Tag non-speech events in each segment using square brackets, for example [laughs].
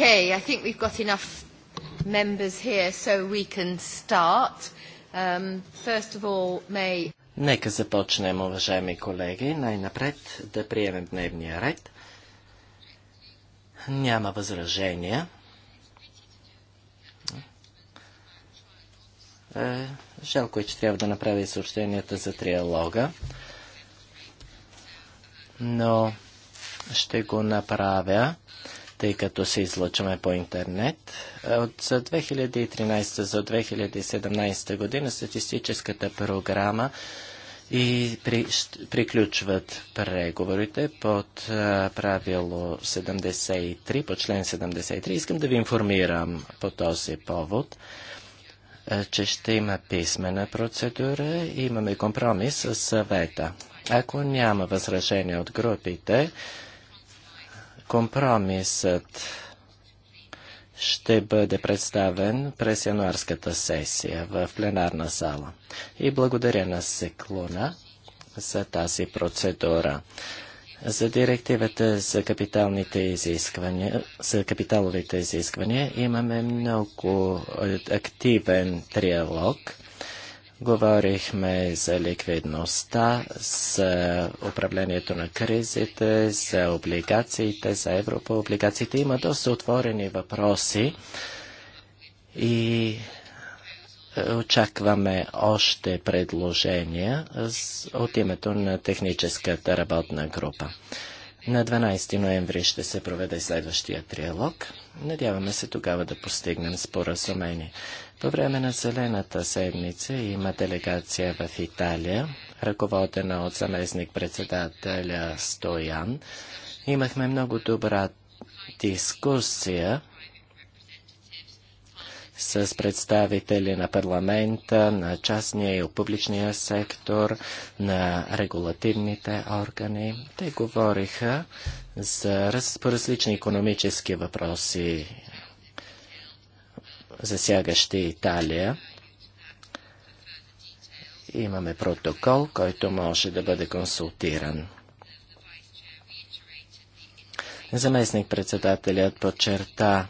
Okay, I think we've got enough members here, so we can start. Um, first of all, may... Нека започнем, уважаеми колеги. Най-напред да приемем дневния ред. Няма възражения. Е, жалко е, че трябва да направя съобщенията за триалога. Но ще го направя тъй като се излъчваме по интернет. От 2013 за 2017 година статистическата програма и при, приключват преговорите под а, правило 73, по член 73. Искам да ви информирам по този повод, а, че ще има писмена процедура и имаме компромис с съвета. Ако няма възражение от групите, Компромисът ще бъде представен през януарската сесия в пленарна сала. И благодаря на Секлуна за тази процедура. За директивата за капиталните изисквания, за капиталовите изисквания имаме много е, активен триалог. Говорихме за ликвидността, за управлението на кризите, за облигациите, за европооблигациите. Има доста отворени въпроси и е, очакваме още предложения от името на техническата работна група. На 12 ноември ще се проведе следващия триалог. Надяваме се тогава да постигнем споразумение. По време на Зелената седмица има делегация в Италия, ръководена от заместник-председателя Стоян. Имахме много добра дискусия с представители на парламента, на частния и публичния сектор, на регулативните органи. Те говориха за различни економически въпроси засягащи Италия. Имаме протокол, който може да бъде консултиран. Заместник-председателят подчерта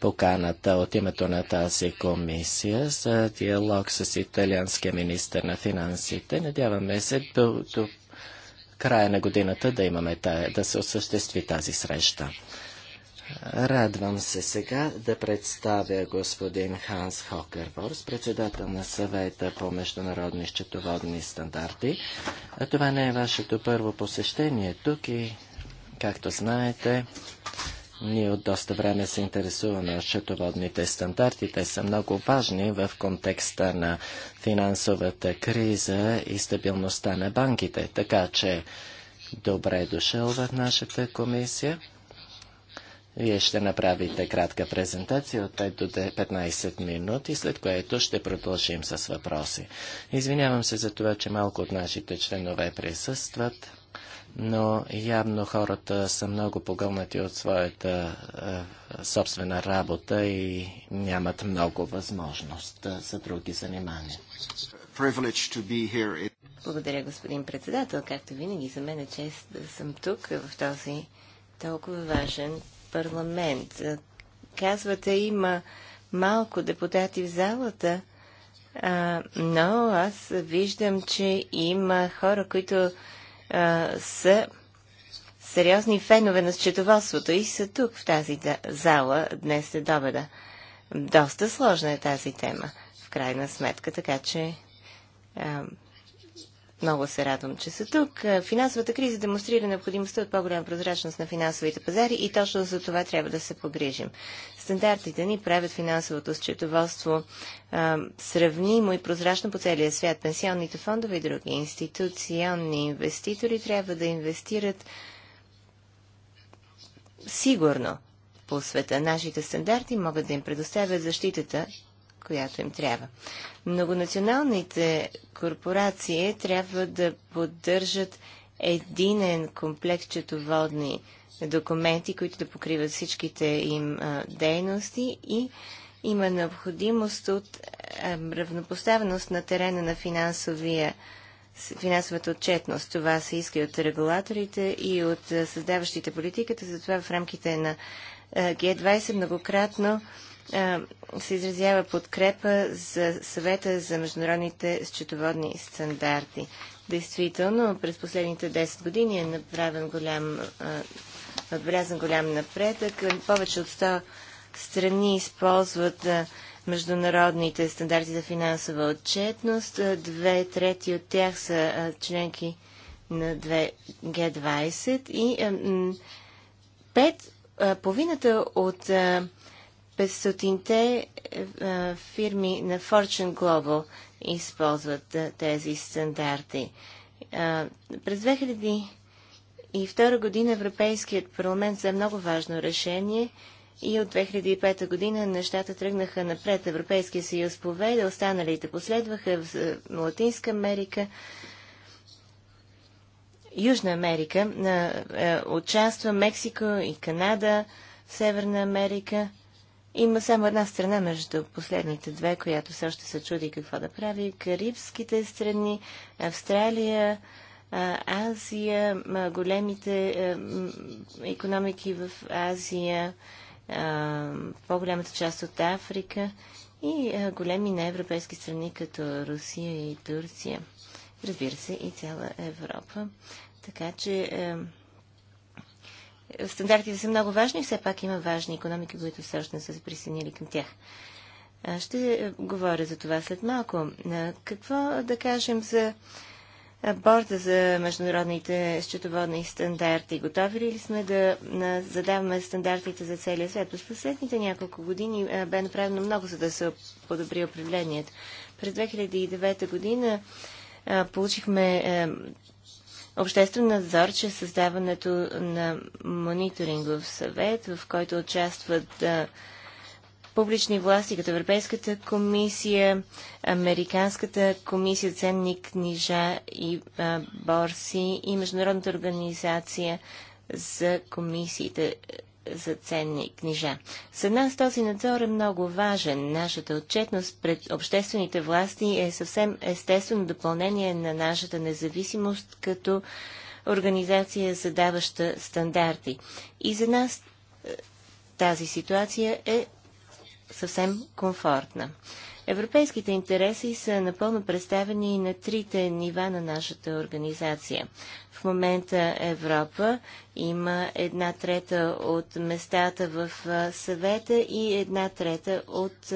поканата от името на тази комисия за диалог с италианския министр на финансите. Надяваме се до, до края на годината да, имаме, да се осъществи тази среща. Радвам се сега да представя господин Ханс Хокерворс, председател на съвета по международни счетоводни стандарти. А това не е вашето първо посещение тук и, както знаете, ние от доста време се интересуваме от счетоводните стандарти. Те са много важни в контекста на финансовата криза и стабилността на банките. Така че добре е дошъл в нашата комисия. Вие ще направите кратка презентация от 5 до 15 минути, след което ще продължим с въпроси. Извинявам се за това, че малко от нашите членове присъстват, но явно хората са много погълнати от своята е, собствена работа и нямат много възможност е, за други занимания. Благодаря, господин председател. Както винаги, за мен е чест да съм тук в този толкова важен парламент. Е, казвате, има малко депутати в залата, а, но аз виждам, че има хора, които а, са сериозни фенове на счетоводството и са тук в тази зала днес е добеда. Доста сложна е тази тема, в крайна сметка, така че а, много се радвам, че са тук. Е, финансовата криза демонстрира необходимостта от по-голяма прозрачност на финансовите пазари и точно за това трябва да се погрижим. Стандартите ни правят финансовото счетоводство е, сравнимо и прозрачно по целия свят. Пенсионните фондове и други институционни инвеститори трябва да инвестират сигурно по света. Нашите стандарти могат да им предоставят защитата, която им трябва. Многонационалните корпорации трябва да поддържат единен комплект четоводни документи, които да покриват всичките им а, дейности и има необходимост от а, равнопоставеност на терена на финансовия финансовата отчетност. Това се иска и от регулаторите и от създаващите политиката. Затова в рамките на Г20 многократно се изразява подкрепа за съвета за международните счетоводни стандарти. Действително, през последните 10 години е направен голям, отбелязан голям напредък. Повече от 100 страни използват международните стандарти за финансова отчетност. Две трети от тях са членки на 2, G20 и пет, половината от 500-те е, фирми на Fortune Global използват тези стандарти. през 2002 година Европейският парламент за много важно решение и от 2005 година нещата тръгнаха напред. Европейския съюз поведе, останалите последваха в Латинска Америка, Южна Америка, участва Мексико и Канада, Северна Америка – има само една страна между последните две, която все още се чуди какво да прави. Карибските страни, Австралия, Азия, големите економики в Азия, по-голямата част от Африка и големи неевропейски страни като Русия и Турция. Разбира се, и цяла Европа. Така че Стандартите са много важни, все пак има важни економики, които все още не са се присъединили към тях. Ще е, говоря за това след малко. Какво да кажем за борда за международните счетоводни стандарти? Готови ли сме да задаваме стандартите за целия свят? През последните няколко години бе направено много, за да се подобри управлението. През 2009 година получихме обществен надзор, че създаването на мониторингов съвет, в който участват а, публични власти, като Европейската комисия, Американската комисия ценни книжа и а, борси и Международната организация за комисиите, за ценни книжа. За нас този надзор е много важен. Нашата отчетност пред обществените власти е съвсем естествено допълнение на нашата независимост като организация, задаваща стандарти. И за нас е, тази ситуация е съвсем комфортна. Европейските интереси са напълно представени на трите нива на нашата организация. В момента Европа има една трета от местата в съвета и една трета от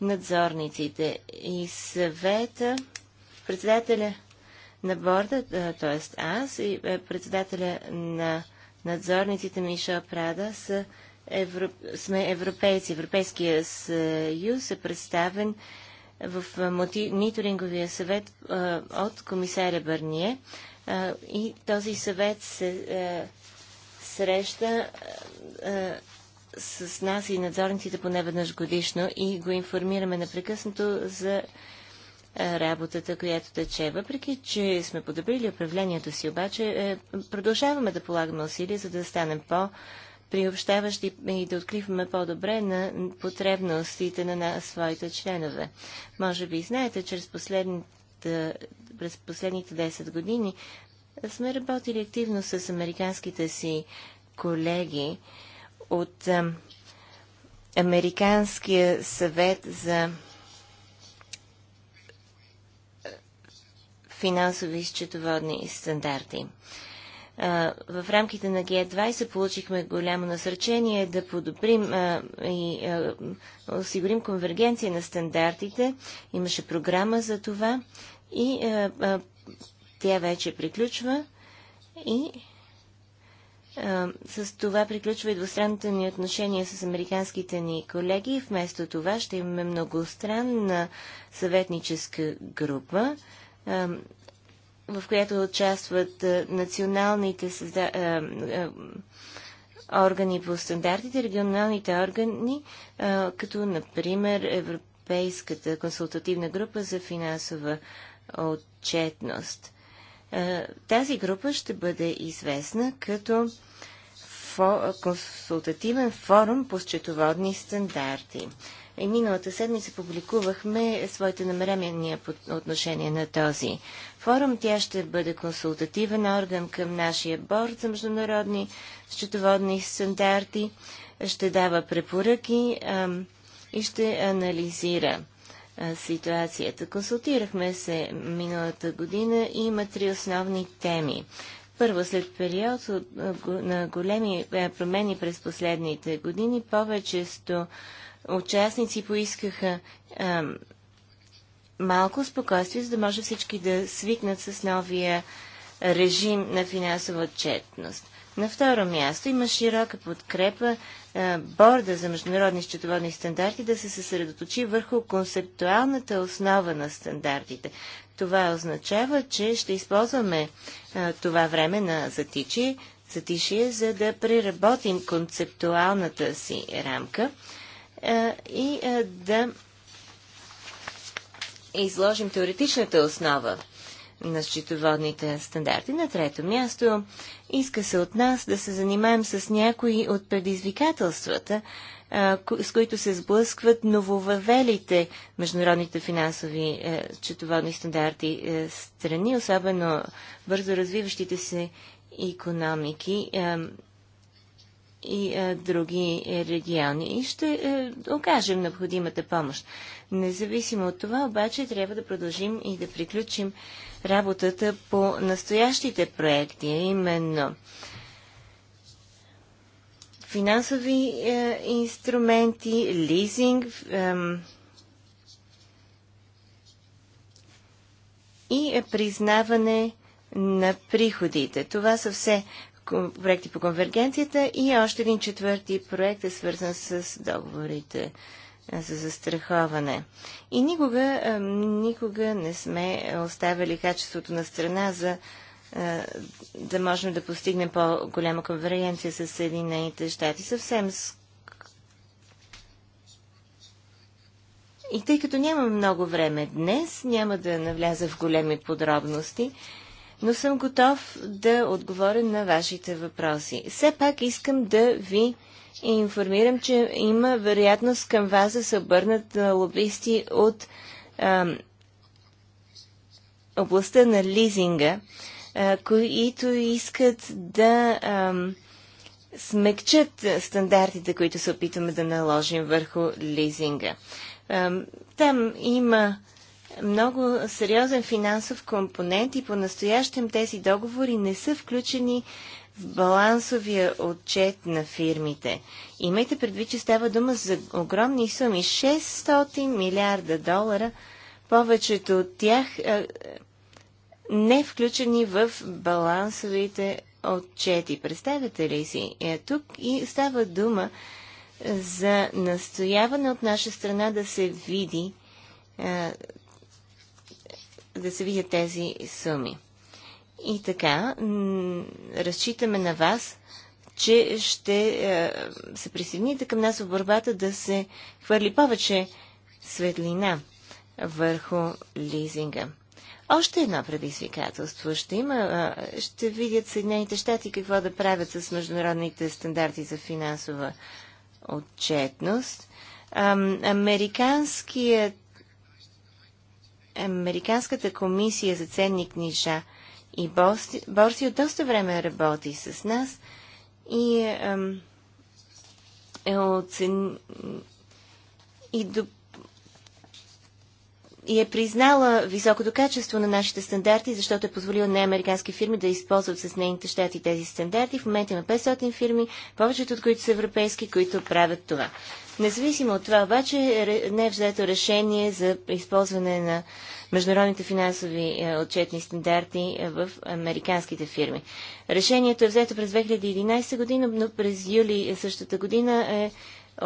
надзорниците. И съвета, председателя на борда, т.е. аз и председателя на надзорниците Мишел Прада са сме европейци. Европейския съюз е представен в мониторинговия съвет от комисаря Бърние и този съвет се среща с нас и надзорниците поне веднъж годишно и го информираме непрекъснато за работата, която тече. Въпреки, че сме подобрили управлението си, обаче е, продължаваме да полагаме усилия, за да станем по- Приобщаващи и да откриваме по-добре на потребностите на нас, своите членове. Може би знаете, чрез последните, през последните 10 години сме работили активно с американските си колеги от Американския съвет за финансови и счетоводни стандарти в рамките на g 20 получихме голямо насърчение да подобрим и осигурим конвергенция на стандартите. Имаше програма за това и тя вече приключва и с това приключва и двустранните ни отношение с американските ни колеги. Вместо това ще имаме многостранна съветническа група в която участват националните създа... органи по стандартите, регионалните органи, като например Европейската консултативна група за финансова отчетност. Тази група ще бъде известна като консултативен форум по счетоводни стандарти. И е, миналата седмица публикувахме своите намерения по отношение на този форум. Тя ще бъде консултативен орган към нашия борд за международни счетоводни стандарти, ще дава препоръки а, и ще анализира а, ситуацията. Консултирахме се миналата година и има три основни теми. Първо, след период от, на големи промени през последните години, повечето участници поискаха а, малко спокойствие, за да може всички да свикнат с новия режим на финансова отчетност. На второ място има широка подкрепа а, борда за международни счетоводни стандарти да се съсредоточи върху концептуалната основа на стандартите. Това означава, че ще използваме а, това време на затичие, затишие, за да преработим концептуалната си рамка и да изложим теоретичната основа на счетоводните стандарти. На трето място иска се от нас да се занимаем с някои от предизвикателствата, с които се сблъскват нововъвелите международните финансови е, счетоводни четоводни стандарти е, страни, особено бързо развиващите се економики и а, е, други е, региони и ще а, е, окажем необходимата помощ. Независимо от това, обаче, трябва да продължим и да приключим работата по настоящите проекти, именно финансови е, инструменти, лизинг е, и признаване на приходите. Това са все проекти по конвергенцията и още един четвърти проект е свързан с договорите за застраховане. И никога, никога не сме оставили качеството на страна за да можем да постигнем по-голяма конвергенция с Съединените щати. Съвсем И тъй като няма много време днес, няма да навляза в големи подробности но съм готов да отговоря на вашите въпроси. Все пак искам да ви информирам, че има вероятност към вас да се обърнат лобисти от ам, областта на лизинга, а, които искат да ам, смекчат стандартите, които се опитваме да наложим върху лизинга. Ам, там има много сериозен финансов компонент и по-настоящем тези договори не са включени в балансовия отчет на фирмите. Имайте предвид, че става дума за огромни суми 600 милиарда долара, повечето от тях а, е, не включени в балансовите отчети. Представете ли си? Е, тук и става дума за настояване от наша страна да се види е, да се видят тези суми. И така, разчитаме на вас, че ще е, се присъедините към нас в борбата да се хвърли повече светлина върху лизинга. Още едно предизвикателство ще има. Е, ще видят Съединените щати какво да правят с международните стандарти за финансова отчетност. Американският Американската комисия за ценни книжа и борси, от доста време работи с нас и е, е оцен... и, до... и е признала високото качество на нашите стандарти, защото е позволила на американски фирми да използват с нейните щати тези стандарти. В момента има 500 фирми, повечето от които са европейски, които правят това. Независимо от това, обаче, не е взето решение за използване на международните финансови е, отчетни стандарти е, в американските фирми. Решението е взето през 2011 година, но през юли същата година е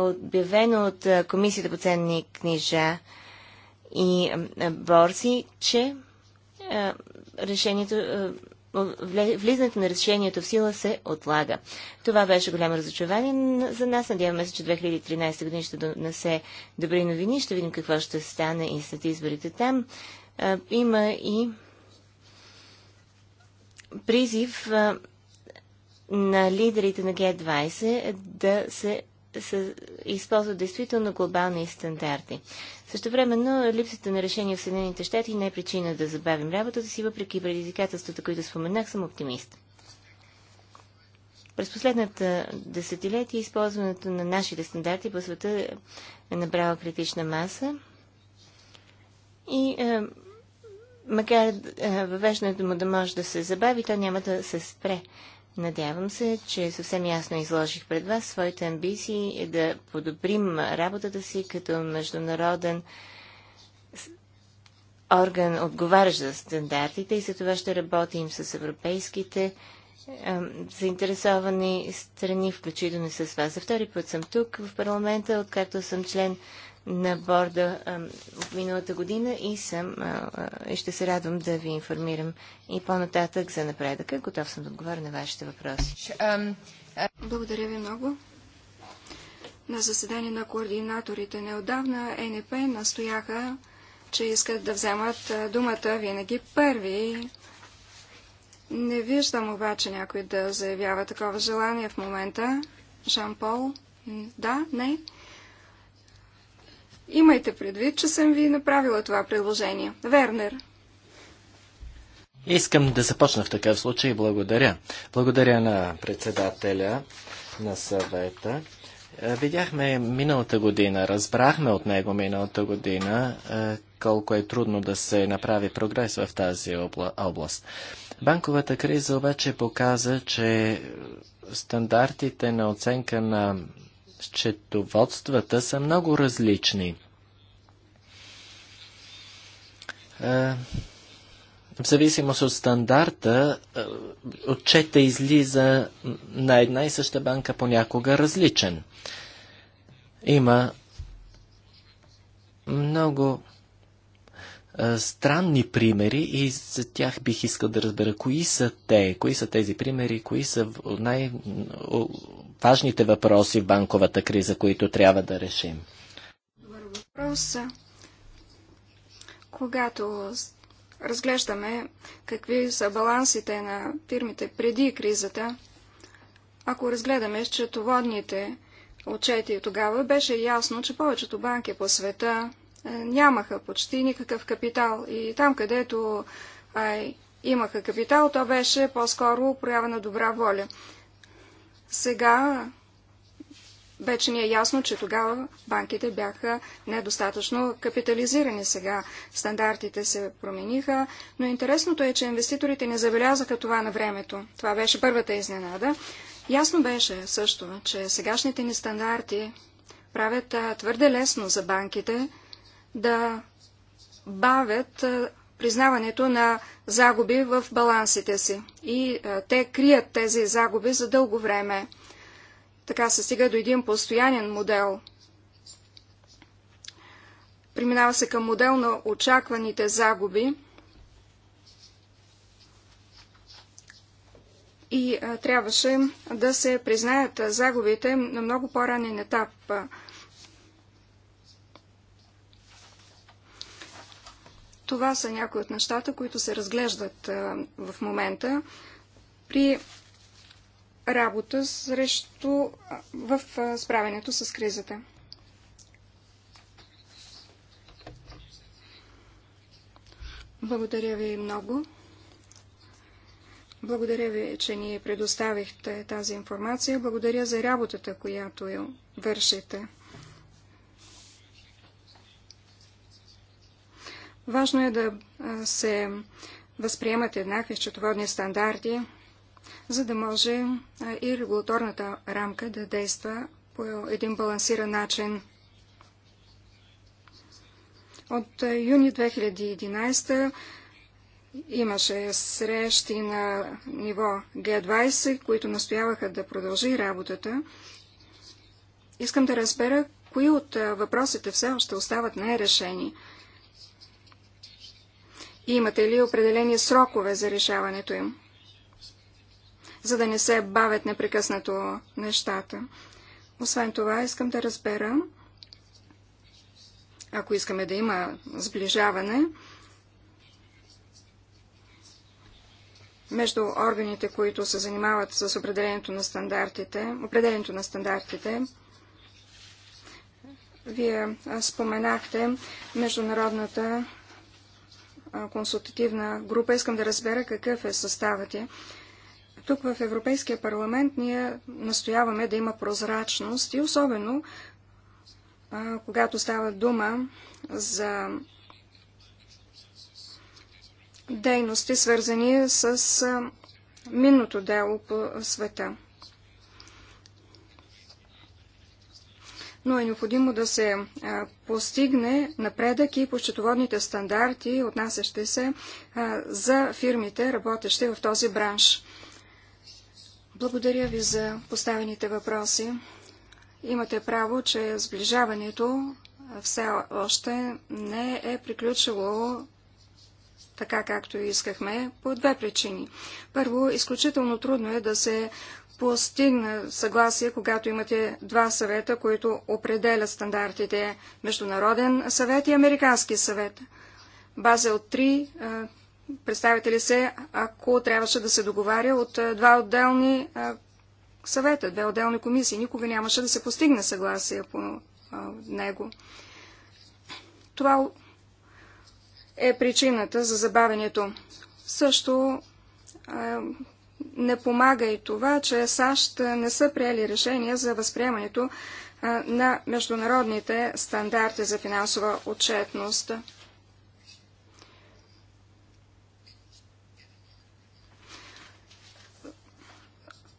обявено от е, Комисията по ценни книжа и борси, че решението влизането на решението в сила се отлага. Това беше голямо разочарование за нас. Надяваме се, че 2013 година ще донесе добри новини. Ще видим какво ще стане и след изборите там. има и призив на лидерите на Г-20 да се, се използват действително глобални стандарти. Също времено липсата на решение в Съединените щати не е причина да забавим работата си, въпреки предизвикателствата, които споменах, съм оптимист. През последната десетилетие използването на нашите стандарти по света е набрала критична маса и е, макар е, въвеждането му да може да се забави, то няма да се спре. Надявам се, че съвсем ясно изложих пред вас своите амбиции е да подобрим работата си като международен орган, отговарящ за стандартите и за това ще работим с европейските заинтересовани страни, включително с вас. За втори път съм тук в парламента, откакто съм член на борда от миналата година и съм, и ще се радвам да ви информирам и по-нататък за напредъка. Готов съм да отговоря на вашите въпроси. Благодаря ви много. На заседание на координаторите неодавна НП настояха, че искат да вземат думата винаги първи. Не виждам обаче някой да заявява такова желание в момента. Жан Пол? Да? Не? Имайте предвид, че съм ви направила това предложение. Вернер. Искам да започна в такъв случай. Благодаря. Благодаря на председателя на съвета. Е, видяхме миналата година, разбрахме от него миналата година е, колко е трудно да се направи прогрес в тази област. Банковата криза обаче показа, че стандартите на оценка на счетоводствата са много различни. Е, в зависимост от стандарта, е, отчета излиза на една и съща банка понякога различен. Има много е, странни примери и за тях бих искал да разбера кои са те, кои са тези примери, кои са най важните въпроси в банковата криза, които трябва да решим? Добър въпрос. Когато разглеждаме какви са балансите на фирмите преди кризата, ако разгледаме счетоводните отчети тогава, беше ясно, че повечето банки по света е, нямаха почти никакъв капитал. И там, където ай, имаха капитал, то беше по-скоро проява на добра воля. Сега вече ни е ясно, че тогава банките бяха недостатъчно капитализирани сега. Стандартите се промениха, но интересното е, че инвеститорите не забелязаха това на времето. Това беше първата изненада. Ясно беше също, че сегашните ни стандарти правят твърде лесно за банките да бавят признаването на загуби в балансите си. И а, е, те крият тези загуби за дълго време. Така се стига до един постоянен модел. Преминава се към модел на очакваните загуби. И а, е, трябваше да се признаят загубите на много по-ранен етап. А, Това са някои от нещата, които се разглеждат в момента при работа срещу, в справянето с кризата. Благодаря ви много. Благодаря ви, че ни предоставихте тази информация. Благодаря за работата, която вършите. Важно е да се възприемат еднакви счетоводни стандарти, за да може и регулаторната рамка да действа по един балансиран начин. От юни 2011 имаше срещи на ниво Г20, които настояваха да продължи работата. Искам да разбера, кои от въпросите все още остават нерешени. И имате ли определени срокове за решаването им, за да не се бавят непрекъснато нещата? Освен това, искам да разбера, ако искаме да има сближаване между органите, които се занимават с определението на стандартите, определението на стандартите, вие споменахте Международната консултативна група. Искам да разбера какъв е съставът е. Тук в Европейския парламент ние настояваме да има прозрачност и особено а, когато става дума за дейности, свързани с а, минното дело по света. но е необходимо да се постигне напредък и по счетоводните стандарти, отнасящи се за фирмите, работещи в този бранш. Благодаря ви за поставените въпроси. Имате право, че сближаването все още не е приключило така както искахме, по две причини. Първо, изключително трудно е да се постигне съгласие, когато имате два съвета, които определят стандартите – Международен съвет и Американски съвет. Базел 3 е, представите ли се, ако трябваше да се договаря от е, два отделни е, съвета, две отделни комисии. Никога нямаше да се постигне съгласие по него. Това е причината за забавенето. Също не помага и това, че САЩ не са приели решения за възприемането на международните стандарти за финансова отчетност.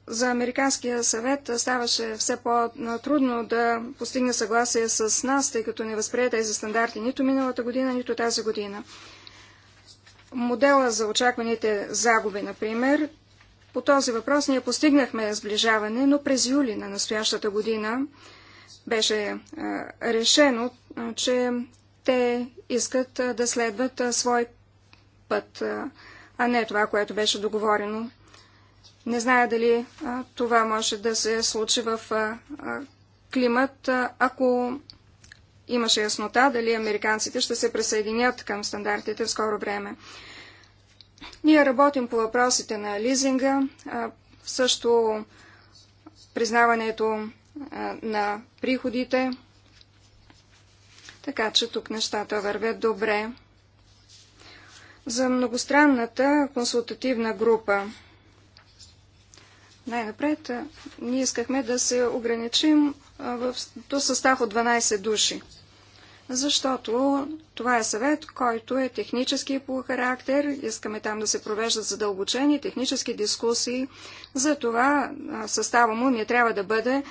За Американския съвет ставаше все по-трудно да постигне съгласие с нас, тъй като не възприе тези стандарти нито миналата година, нито тази година. Модела за очакваните загуби, например, по този въпрос ние постигнахме сближаване, но през юли на настоящата година беше решено, че те искат да следват свой път, а не това, което беше договорено. Не зная дали това може да се случи в климат, ако имаше яснота дали американците ще се присъединят към стандартите в скоро време. Ние работим по въпросите на лизинга, също признаването на приходите, така че тук нещата вървят добре. За многостранната консултативна група. Най-напред ние искахме да се ограничим в до състав от 12 души защото това е съвет, който е технически по характер. Искаме там да се провеждат задълбочени технически дискусии. За това състава му не трябва да бъде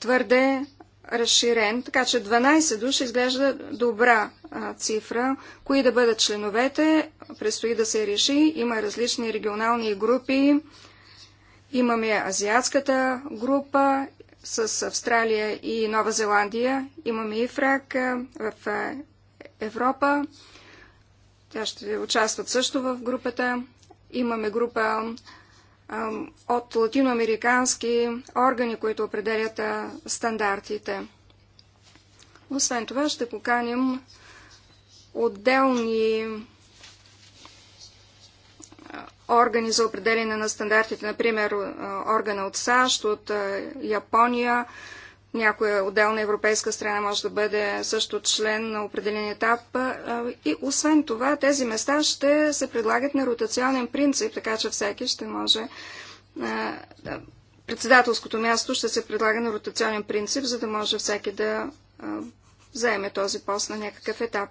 твърде разширен. Така че 12 души изглежда добра цифра. Кои да бъдат членовете, предстои да се реши. Има различни регионални групи. Имаме азиатската група, с Австралия и Нова Зеландия. Имаме и ФРАК в Европа. Тя ще участват също в групата. Имаме група от латиноамерикански органи, които определят стандартите. Освен това ще поканим отделни органи за определене на стандартите, например е, органа от САЩ, от е, Япония, някоя отделна европейска страна може да бъде също член на определен етап. Е, и освен това, тези места ще се предлагат на ротационен принцип, така че всеки ще може. Председателското място ще се предлага на ротационен принцип, за да може всеки да заеме този пост на някакъв етап.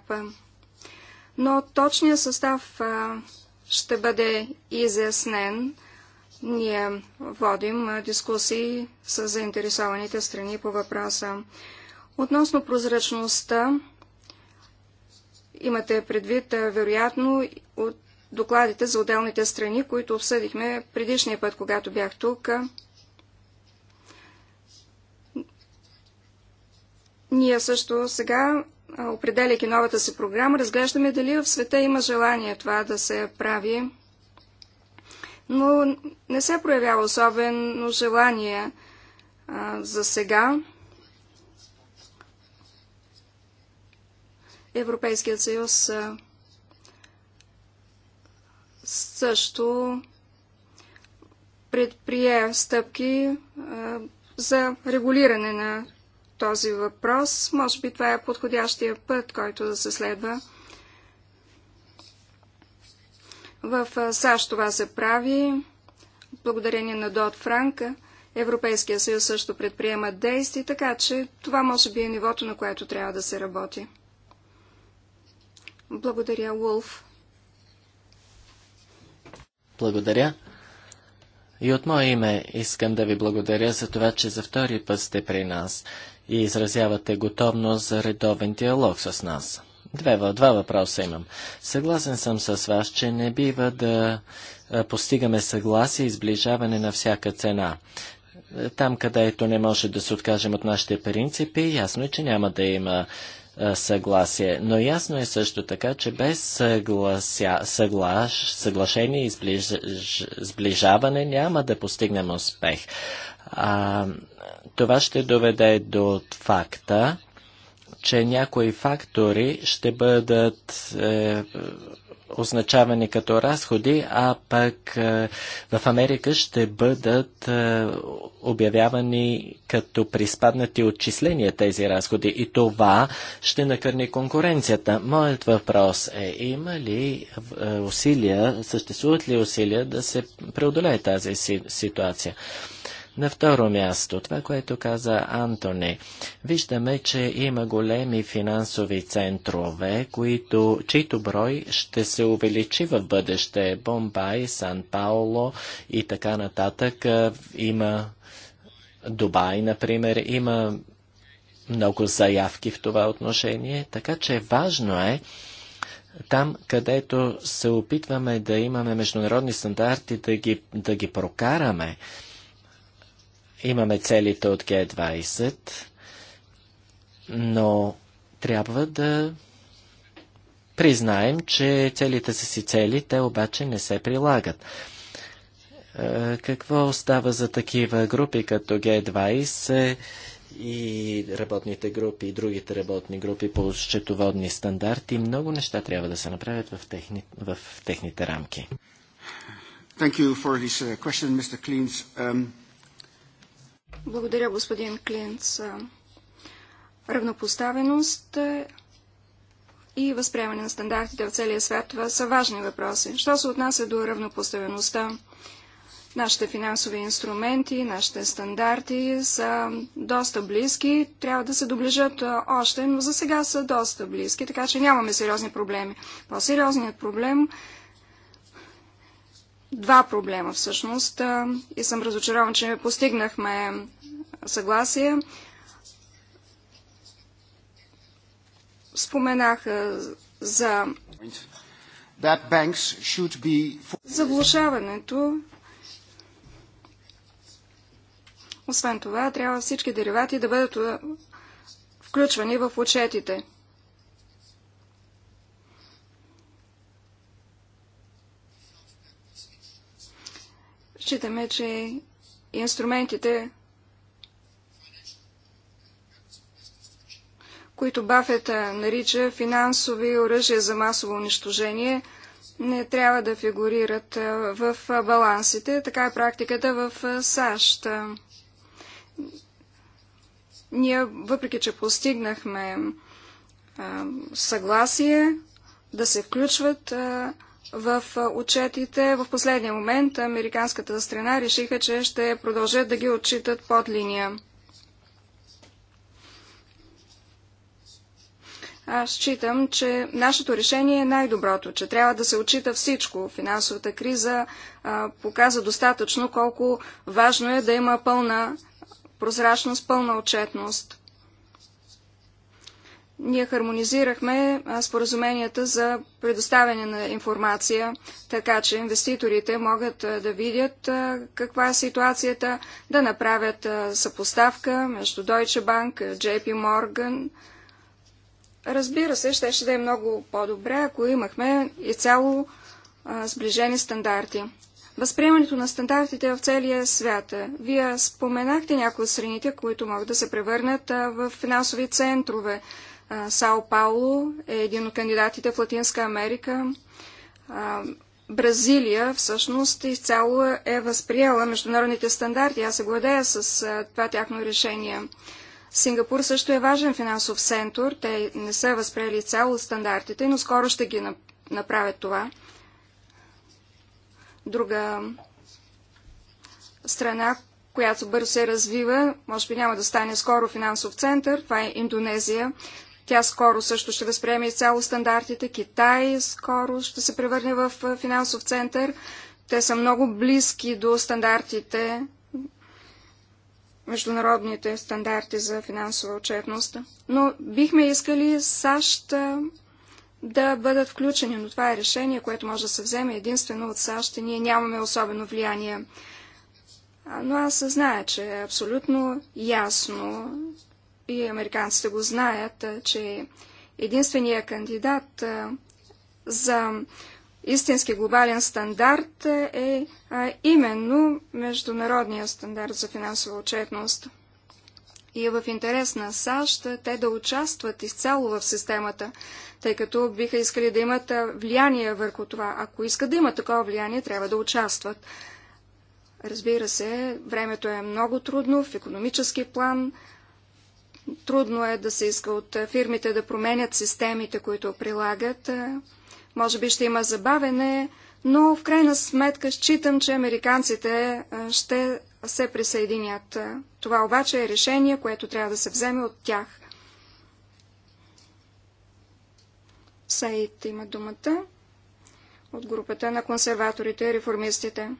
Но точният състав ще бъде изяснен. Ние водим дискусии с заинтересованите страни по въпроса. Относно прозрачността, имате предвид, вероятно, от докладите за отделните страни, които обсъдихме предишния път, когато бях тук. Ние също сега определяйки новата си програма, разглеждаме дали в света има желание това да се прави. Но не се проявява особено желание а, за сега. Европейският съюз а, също предприе стъпки а, за регулиране на този въпрос. Може би това е подходящия път, който да се следва. В САЩ това се прави. Благодарение на Дод Франка, Европейския съюз също предприема действия, така че това може би е нивото, на което трябва да се работи. Благодаря, Улф. Благодаря. И от мое име искам да ви благодаря за това, че за втори път сте при нас и изразявате готовност за редовен диалог с нас. Две, два въпроса имам. Съгласен съм с вас, че не бива да постигаме съгласие и сближаване на всяка цена. Там, където не може да се откажем от нашите принципи, ясно е, че няма да има съгласие. Но ясно е също така, че без съглася, съглаш, съглашение и сближ, сближаване няма да постигнем успех. А, това ще доведе до факта, че някои фактори ще бъдат е, означавани като разходи, а пък е, в Америка ще бъдат е, обявявани като приспаднати отчисления тези разходи и това ще накърни конкуренцията. Моят въпрос е, има ли е, усилия, съществуват ли усилия да се преодолее тази си, ситуация? На второ място, това, което каза Антони, виждаме, че има големи финансови центрове, които, чийто брой ще се увеличи в бъдеще. Бомбай, Сан Пауло и така нататък има Дубай, например, има много заявки в това отношение, така че важно е там, където се опитваме да имаме международни стандарти, да ги, да ги прокараме. Имаме целите от Г20, но трябва да признаем, че целите са си цели, те обаче не се прилагат. Е, какво остава за такива групи като Г20 и работните групи и другите работни групи по счетоводни стандарти? Много неща трябва да се направят в, техни, в техните рамки. Thank you for this uh, question, Mr. Klins. Um... Благодаря, господин Клинц. Равнопоставеност и възприемане на стандартите в целия свят, това са важни въпроси. Що се отнася до равнопоставеността? Нашите финансови инструменти, нашите стандарти са доста близки. Трябва да се доближат още, но за сега са доста близки, така че нямаме сериозни проблеми. По-сериозният проблем е два проблема всъщност и съм разочарован, че постигнахме съгласие. Споменах за заглушаването. Освен това, трябва всички деривати да бъдат включвани в отчетите. Считаме, че инструментите, които Бафета нарича финансови оръжия за масово унищожение, не трябва да фигурират в балансите. Така е практиката в САЩ. Ние, въпреки че постигнахме съгласие да се включват в отчетите в последния момент американската страна решиха, че ще продължат да ги отчитат под линия. Аз считам, че нашето решение е най-доброто, че трябва да се отчита всичко. Финансовата криза а, показа достатъчно колко важно е да има пълна прозрачност, пълна отчетност ние хармонизирахме споразуменията за предоставяне на информация, така че инвеститорите могат да видят каква е ситуацията, да направят съпоставка между Deutsche Bank, JP Morgan. Разбира се, ще, ще да е много по-добре, ако имахме цяло сближени стандарти. Възприемането на стандартите в целия свят. Вие споменахте някои от страните, които могат да се превърнат в финансови центрове Сао Пауло е един от кандидатите в Латинска Америка. Бразилия всъщност изцяло е възприела международните стандарти. Аз се гладея с това тяхно решение. Сингапур също е важен финансов център. Те не са възприели цяло стандартите, но скоро ще ги направят това. Друга страна, която бързо се развива, може би няма да стане скоро финансов център, това е Индонезия. Тя скоро също ще възприеме изцяло стандартите. Китай скоро ще се превърне в финансов център. Те са много близки до стандартите, международните стандарти за финансова отчетност. Но бихме искали САЩ да бъдат включени, но това е решение, което може да се вземе единствено от САЩ и ние нямаме особено влияние. Но аз зная, че е абсолютно ясно, и американците го знаят, че единственият кандидат за истински глобален стандарт е именно международния стандарт за финансова отчетност. И е в интерес на САЩ те да участват изцяло в системата, тъй като биха искали да имат влияние върху това. Ако искат да имат такова влияние, трябва да участват. Разбира се, времето е много трудно в економически план, Трудно е да се иска от е, фирмите да променят системите, които прилагат. Е, може би ще има забавене, но в крайна сметка считам, че американците е, ще се присъединят. Това обаче е решение, което трябва да се вземе от тях. Саид има думата от групата на консерваторите и реформистите.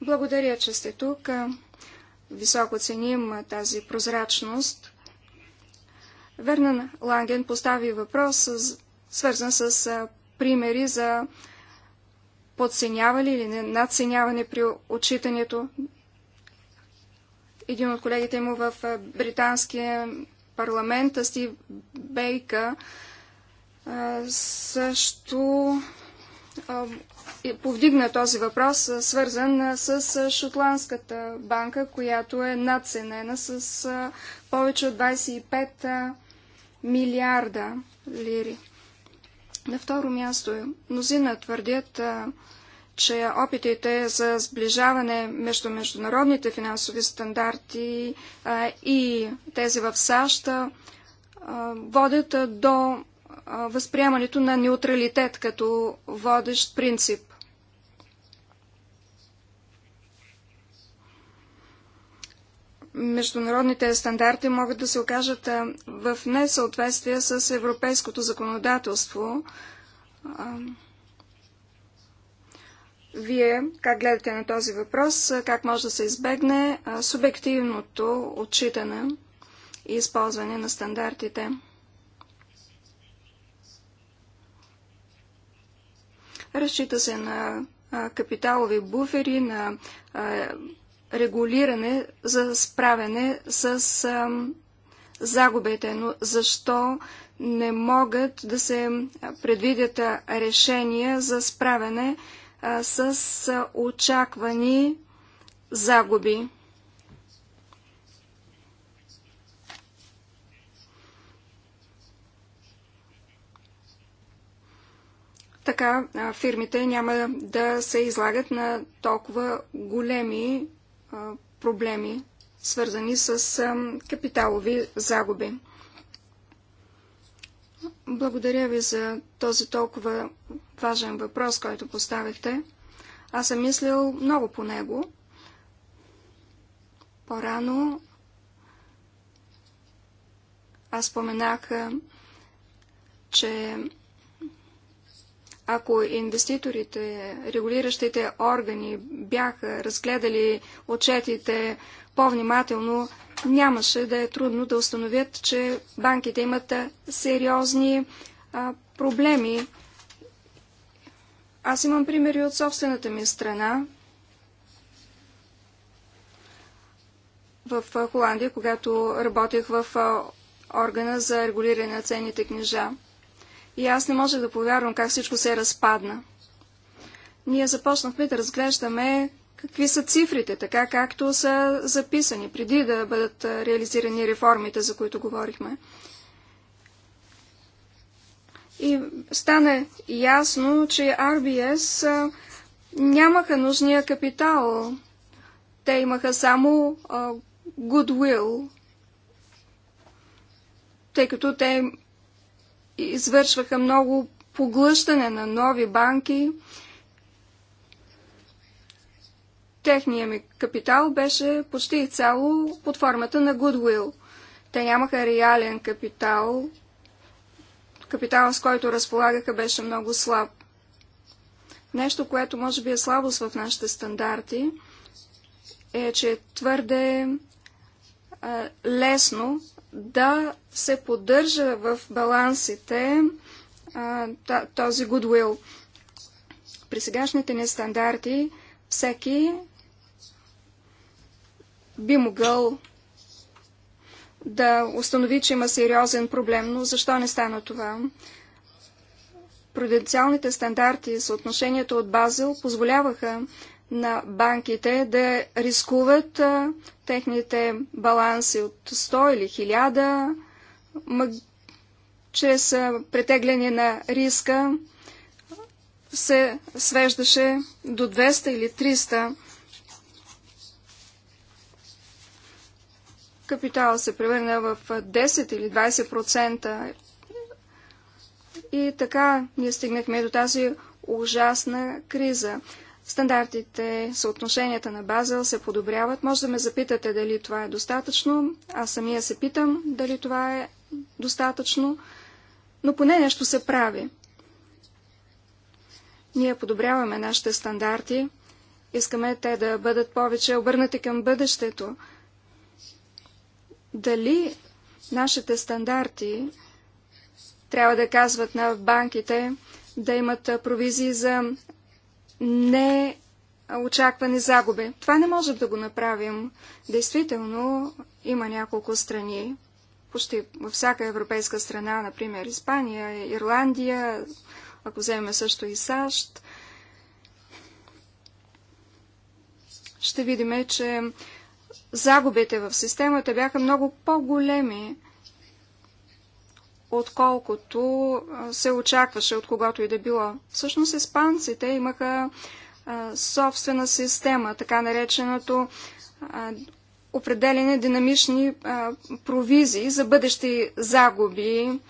Благодаря, че сте тук. Високо ценим тази прозрачност. Вернан Ланген постави въпрос, свързан с примери за подценяване или надценяване при отчитането. Един от колегите му в британския парламент, Стив Бейка, също повдигна този въпрос, свързан с Шотландската банка, която е надценена с повече от 25 милиарда лири. На второ място, мнозина твърдят, че опитите за сближаване между международните финансови стандарти и тези в САЩ водят до възприемането на неутралитет като водещ принцип. международните стандарти могат да се окажат в несъответствие с европейското законодателство. Вие как гледате на този въпрос? Как може да се избегне субективното отчитане и използване на стандартите? Разчита се на капиталови буфери, на регулиране за справяне с загубите, но защо не могат да се предвидят решения за справяне с очаквани загуби. Така фирмите няма да се излагат на толкова големи проблеми, свързани с капиталови загуби. Благодаря ви за този толкова важен въпрос, който поставихте. Аз съм мислил много по него. По-рано аз споменах, че ако инвеститорите, регулиращите органи бяха разгледали отчетите по-внимателно, нямаше да е трудно да установят, че банките имат сериозни а, проблеми. Аз имам примери от собствената ми страна. В Холандия, когато работех в органа за регулиране на ценните книжа и аз не може да повярвам как всичко се разпадна. Ние започнахме да разглеждаме какви са цифрите, така както са записани, преди да бъдат реализирани реформите, за които говорихме. И стане ясно, че RBS нямаха нужния капитал. Те имаха само goodwill, тъй като те извършваха много поглъщане на нови банки. Техният ми капитал беше почти цяло под формата на Goodwill. Те нямаха реален капитал. Капиталът, с който разполагаха, беше много слаб. Нещо, което може би е слабост в нашите стандарти, е, че твърде лесно да се поддържа в балансите а, този goodwill. При сегашните ни стандарти всеки би могъл да установи, че има сериозен проблем, но защо не стана това? Пруденциалните стандарти, съотношението от Базел позволяваха на банките да рискуват а, техните баланси от 100 или 1000 мъг... чрез а, претегляне на риска се свеждаше до 200 или 300. Капитал се превърна в 10 или 20%. И така ние стигнахме до тази ужасна криза. Стандартите, съотношенията на Базел се подобряват. Може да ме запитате дали това е достатъчно. Аз самия се питам дали това е достатъчно. Но поне нещо се прави. Ние подобряваме нашите стандарти. Искаме те да бъдат повече обърнати към бъдещето. Дали нашите стандарти трябва да казват на банките да имат провизии за не очаквани загуби. Това не може да го направим. Действително, има няколко страни, почти във всяка европейска страна, например Испания, Ирландия, ако вземем също и САЩ, ще видим, че загубите в системата бяха много по-големи отколкото се очакваше от когото и да било. Всъщност испанците имаха собствена система, така нареченото определени определене динамични провизии за бъдещи загуби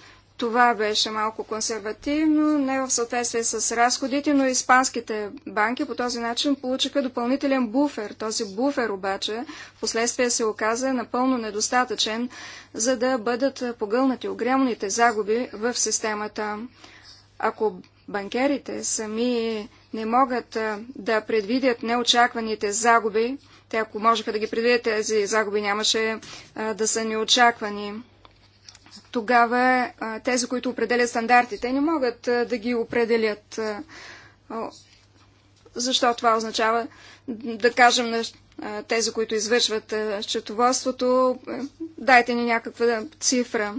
това беше малко консервативно, не в съответствие с разходите, но испанските банки по този начин получиха допълнителен буфер. Този буфер обаче в последствие се оказа напълно недостатъчен, за да бъдат погълнати огромните загуби в системата. Ако банкерите сами не могат да предвидят неочакваните загуби, те ако можеха да ги предвидят, тези загуби нямаше да са неочаквани тогава тези, които определят стандартите, не могат да ги определят. Защо това означава? Да кажем на тези, които извършват счетоводството, дайте ни някаква цифра.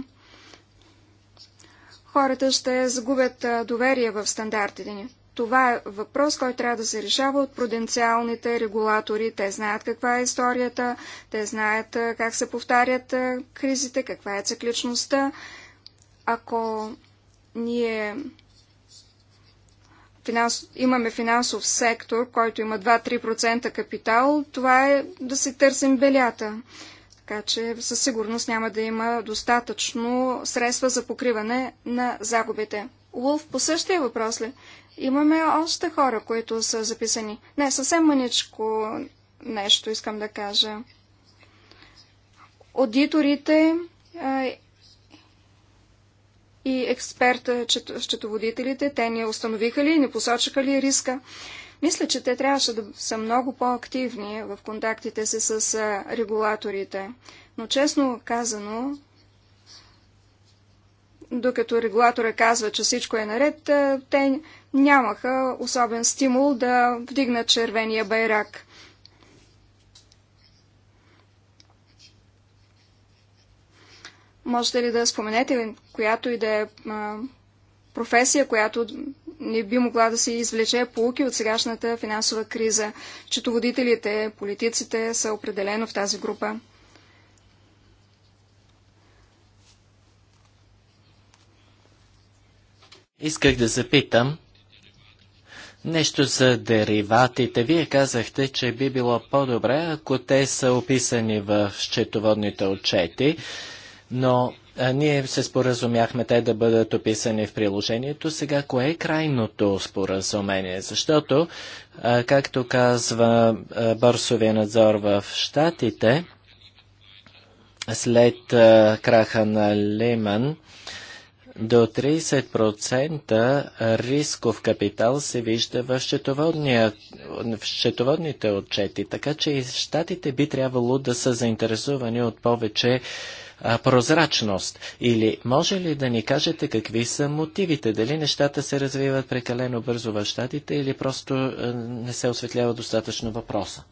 Хората ще загубят доверие в стандартите ни. Това е въпрос, който трябва да се решава от пруденциалните регулатори. Те знаят каква е историята, те знаят как се повтарят кризите, каква е цикличността. Ако ние финансов, имаме финансов сектор, който има 2-3% капитал, това е да си търсим белята. Така че със сигурност няма да има достатъчно средства за покриване на загубите. Улф, по същия въпрос ли? Имаме още хора, които са записани. Не, съвсем мъничко нещо искам да кажа. Аудиторите а, и експерта, счетоводителите те ни установиха ли и не посочиха ли риска. Мисля, че те трябваше да са много по-активни в контактите си с регулаторите. Но честно казано, докато регулатора казва, че всичко е наред, те нямаха особен стимул да вдигнат червения байрак. Можете ли да споменете която и да е професия, която не би могла да се извлече полуки от сегашната финансова криза. Четоводителите, политиците са определено в тази група. Исках да запитам Нещо за дериватите. Вие казахте, че би било по-добре, ако те са описани в счетоводните отчети, но а, ние се споразумяхме те да бъдат описани в приложението. Сега, кое е крайното споразумение? Защото, а, както казва а, борсовия надзор в Штатите, след а, краха на Лиман, до 30% рисков капитал се вижда в, в счетоводните отчети, така че и щатите би трябвало да са заинтересувани от повече а, прозрачност. Или може ли да ни кажете какви са мотивите? Дали нещата се развиват прекалено бързо в щатите или просто а, не се осветлява достатъчно въпроса?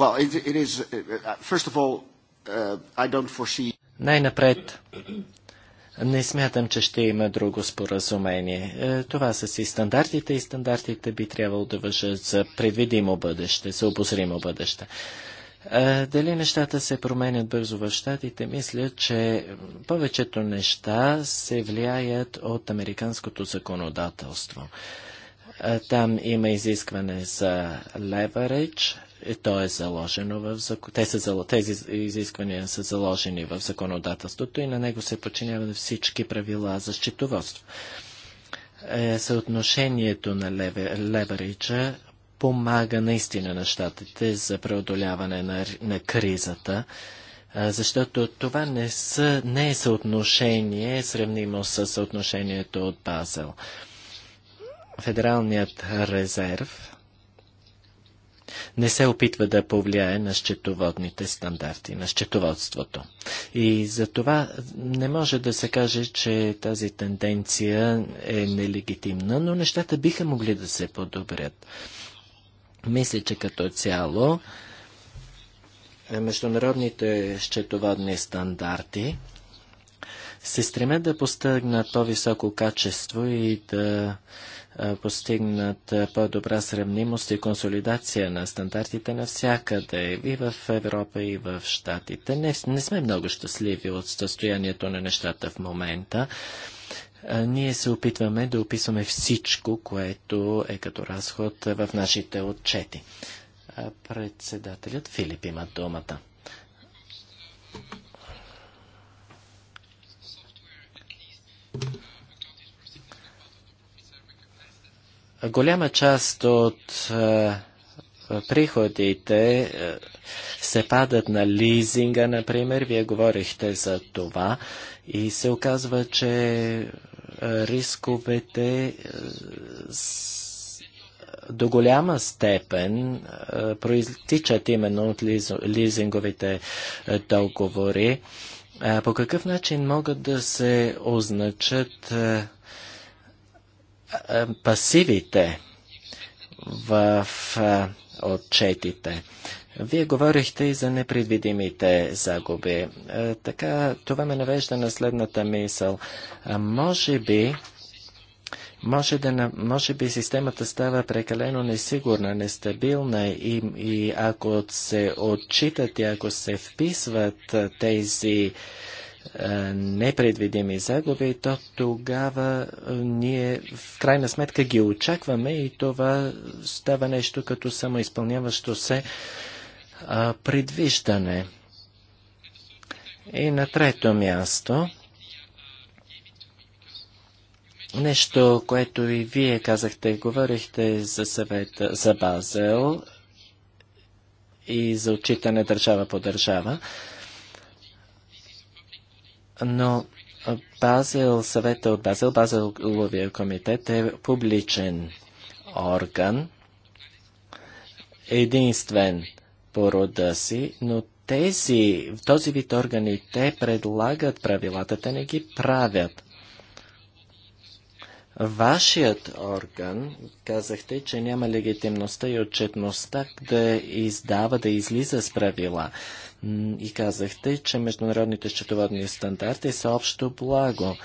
Well, it, it is, uh, uh, first of all, uh, I don't foresee... Най-напред, не смятам, че ще има друго споразумение. Е, това са си стандартите и стандартите би трябвало да въжат за предвидимо бъдеще, за обозримо бъдеще. Е, дали нещата се променят бързо в щатите? Мисля, че повечето неща се влияят от американското законодателство. Е, там има изискване за леверидж, е, то е заложено в закон... Те са, тези изисквания са заложени в законодателството и на него се подчиняват всички правила за счетоводство. Е, съотношението на леварича леверича помага наистина на щатите за преодоляване на, на кризата защото това не, са, не е съотношение, сравнимо с съотношението от Базел. Федералният резерв не се опитва да повлияе на счетоводните стандарти, на счетоводството. И за това не може да се каже, че тази тенденция е нелегитимна, но нещата биха могли да се подобрят. Мисля, че като цяло е, международните счетоводни стандарти се стремят да постигнат по-високо качество и да постигнат по-добра сравнимост и консолидация на стандартите навсякъде, и в Европа, и в Штатите. Не, не сме много щастливи от състоянието на нещата в момента. ние се опитваме да описваме всичко, което е като разход в нашите отчети. председателят Филип има думата. Thank you. Голяма част от е, приходите е, се падат на лизинга, например. Вие говорихте за това и се оказва, че е, рисковете до голяма степен проистичат именно от лизинговите договори. По какъв начин могат да се означат пасивите в отчетите. Вие говорихте и за непредвидимите загуби. Така, това ме навежда на следната мисъл. Може би, може, да, може би системата става прекалено несигурна, нестабилна и, и ако се отчитат и ако се вписват тези е, непредвидими загуби, то тогава е, ние в крайна сметка ги очакваме и това става нещо като самоизпълняващо се е, предвиждане. И на трето място, нещо, което и вие казахте, говорихте за съвет за Базел и за отчитане държава по държава. Но Базел, съвета от Базел, Базеловия комитет е публичен орган, единствен по рода си, но тези, този вид органи, те предлагат правилата, те не ги правят. Вашият орган, казахте, че няма легитимността и отчетността да издава, да излиза с правила. И казахте, че международните счетоводни стандарти са общо благо.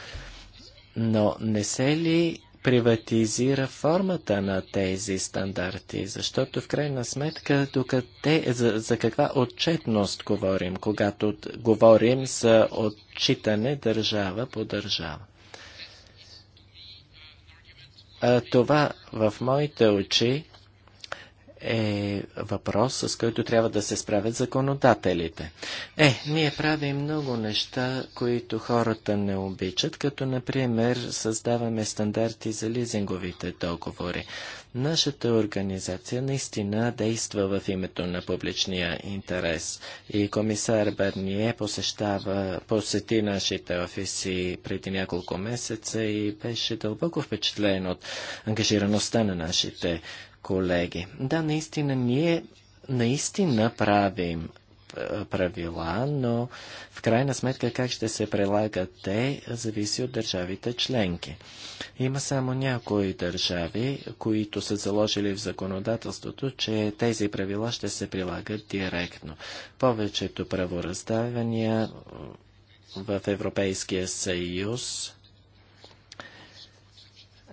Но не се ли приватизира формата на тези стандарти, защото в крайна сметка докъде, за, за каква отчетност говорим, когато говорим за отчитане държава по държава. Това в моите очи е въпрос, с който трябва да се справят законодателите. Е, ние правим много неща, които хората не обичат, като например създаваме стандарти за лизинговите договори. Нашата организация наистина действа в името на публичния интерес и комисар Берние посещава, посети нашите офиси преди няколко месеца и беше дълбоко впечатлен от ангажираността на нашите колеги. Да, наистина ние наистина правим е, правила, но в крайна сметка как ще се прилагат те, зависи от държавите членки. Има само някои държави, които са заложили в законодателството, че тези правила ще се прилагат директно. Повечето правораздавания е, в Европейския съюз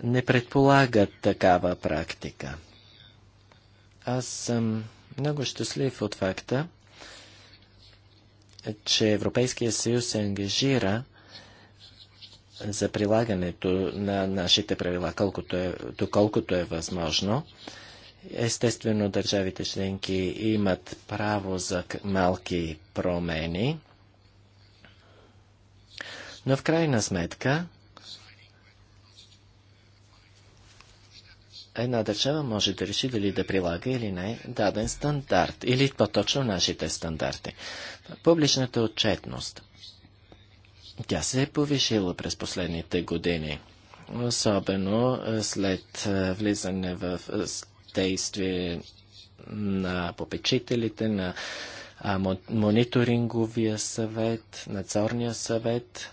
не предполагат такава практика. Аз съм много щастлив от факта, че Европейския съюз се ангажира за прилагането на нашите правила, колкото е, доколкото е възможно. Естествено, държавите членки имат право за малки промени, но в крайна сметка една държава може да реши дали да прилага или не даден стандарт, или по-точно нашите стандарти. Публичната отчетност. Тя се е повишила през последните години, особено след влизане в действие на попечителите, на мониторинговия съвет, надзорния съвет.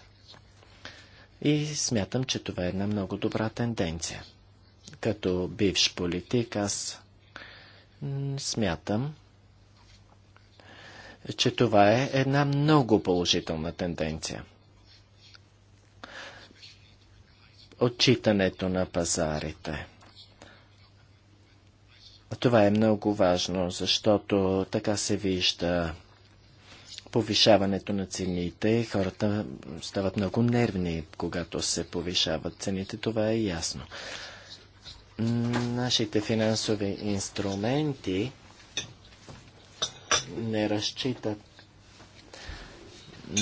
И смятам, че това е една много добра тенденция. Като бивш политик аз смятам, че това е една много положителна тенденция. Отчитането на пазарите. Това е много важно, защото така се вижда повишаването на цените. Хората стават много нервни, когато се повишават цените. Това е ясно. Нашите финансови инструменти не разчитат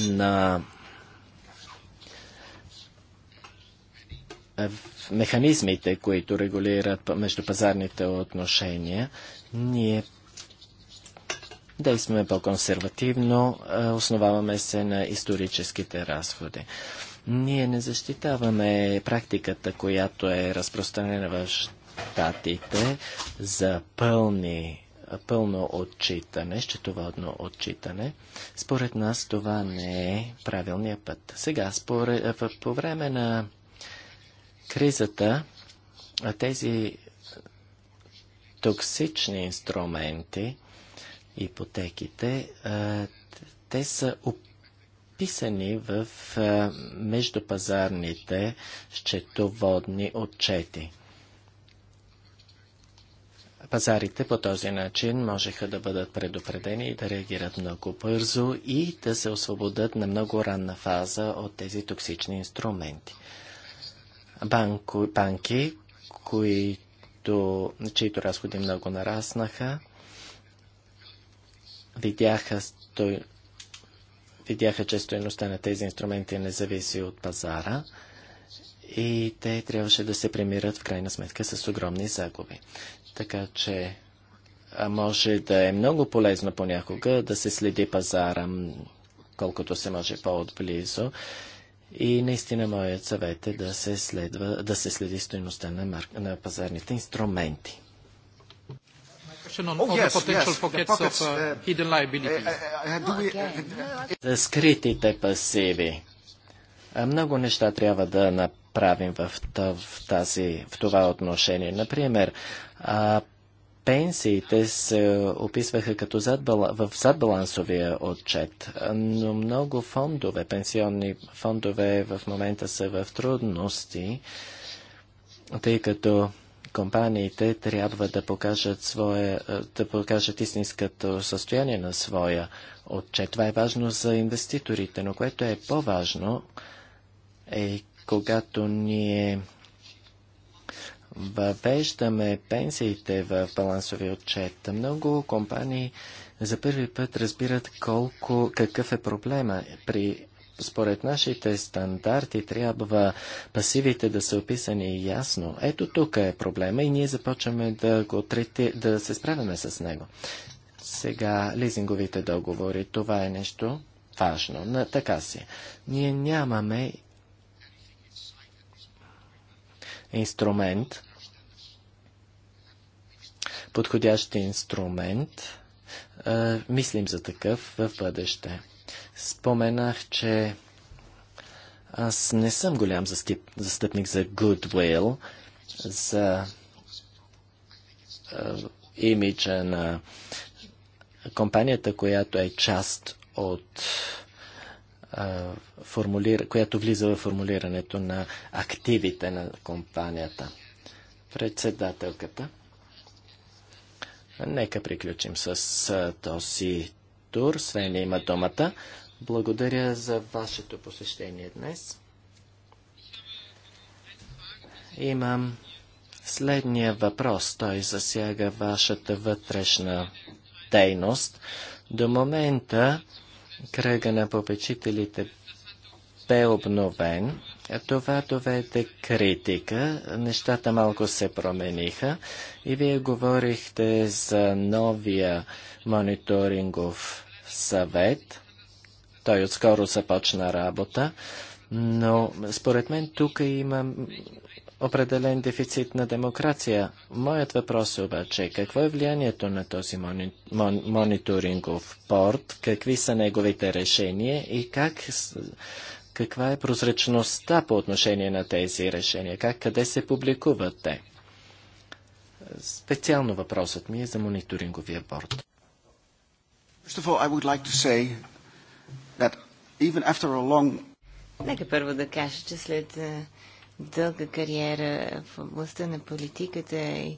на механизмите, които регулират междупазарните отношения, ние действаме по-консервативно, основаваме се на историческите разходи. Ние не защитаваме практиката, която е разпространена в щатите за пълни, пълно отчитане, счетоводно отчитане. Според нас това не е правилният път. Сега, според, по време на кризата, тези токсични инструменти, ипотеките, те са вписани в е, междупазарните счетоводни отчети. Пазарите по този начин можеха да бъдат предупредени и да реагират много бързо и да се освободят на много ранна фаза от тези токсични инструменти. Банко, банки, които, чието разходи много нараснаха, видяха видяха, че стоеността на тези инструменти не зависи от пазара и те трябваше да се премират в крайна сметка с огромни загуби. Така че може да е много полезно понякога да се следи пазара колкото се може по-отблизо. И наистина моят съвет е да се, следва, да се следи стоеността на, марк... на пазарните инструменти question on, oh, on yes, the potential yes, pockets, the pockets of uh, uh, hidden liabilities? Uh, uh, uh we, uh, uh, Скритите пасиви. Много неща трябва да направим в, тази, в това отношение. Например, пенсиите се описваха като задбала, в задбалансовия отчет, но много фондове, пенсионни фондове в момента са в трудности, тъй като компаниите трябва да покажат, своя, е, да покажат истинското състояние на своя отчет. Това е важно за инвеститорите, но което е по-важно е когато ние въвеждаме пенсиите в балансови отчет. Много компании за първи път разбират колко, какъв е проблема при според нашите стандарти трябва пасивите да са описани ясно. Ето тук е проблема и ние започваме да, го трети, да се справяме с него. Сега лизинговите договори, това е нещо важно. На, така си. Ние нямаме инструмент, подходящ инструмент, мислим за такъв в бъдеще. Споменах, че аз не съм голям застъп, застъпник за goodwill, за а, имиджа на компанията, която е част от а, формулир... която влиза в формулирането на активите на компанията. Председателката. Нека приключим с този тур. Свен има думата. Благодаря за вашето посещение днес. Имам следния въпрос. Той засяга вашата вътрешна дейност. До момента кръга на попечителите бе обновен. Това доведе критика. Нещата малко се промениха и вие говорихте за новия мониторингов съвет – той отскоро започна работа, но според мен тук има определен дефицит на демокрация. Моят въпрос е обаче, какво е влиянието на този мони, мон, мониторингов порт, какви са неговите решения и как, каква е прозрачността по отношение на тези решения, как, къде се публикуват те? Специално въпросът ми е за мониторинговия борт. First of all, I would like to say that even after a long... Нека първо да кажа, че след е, дълга кариера в областта на политиката и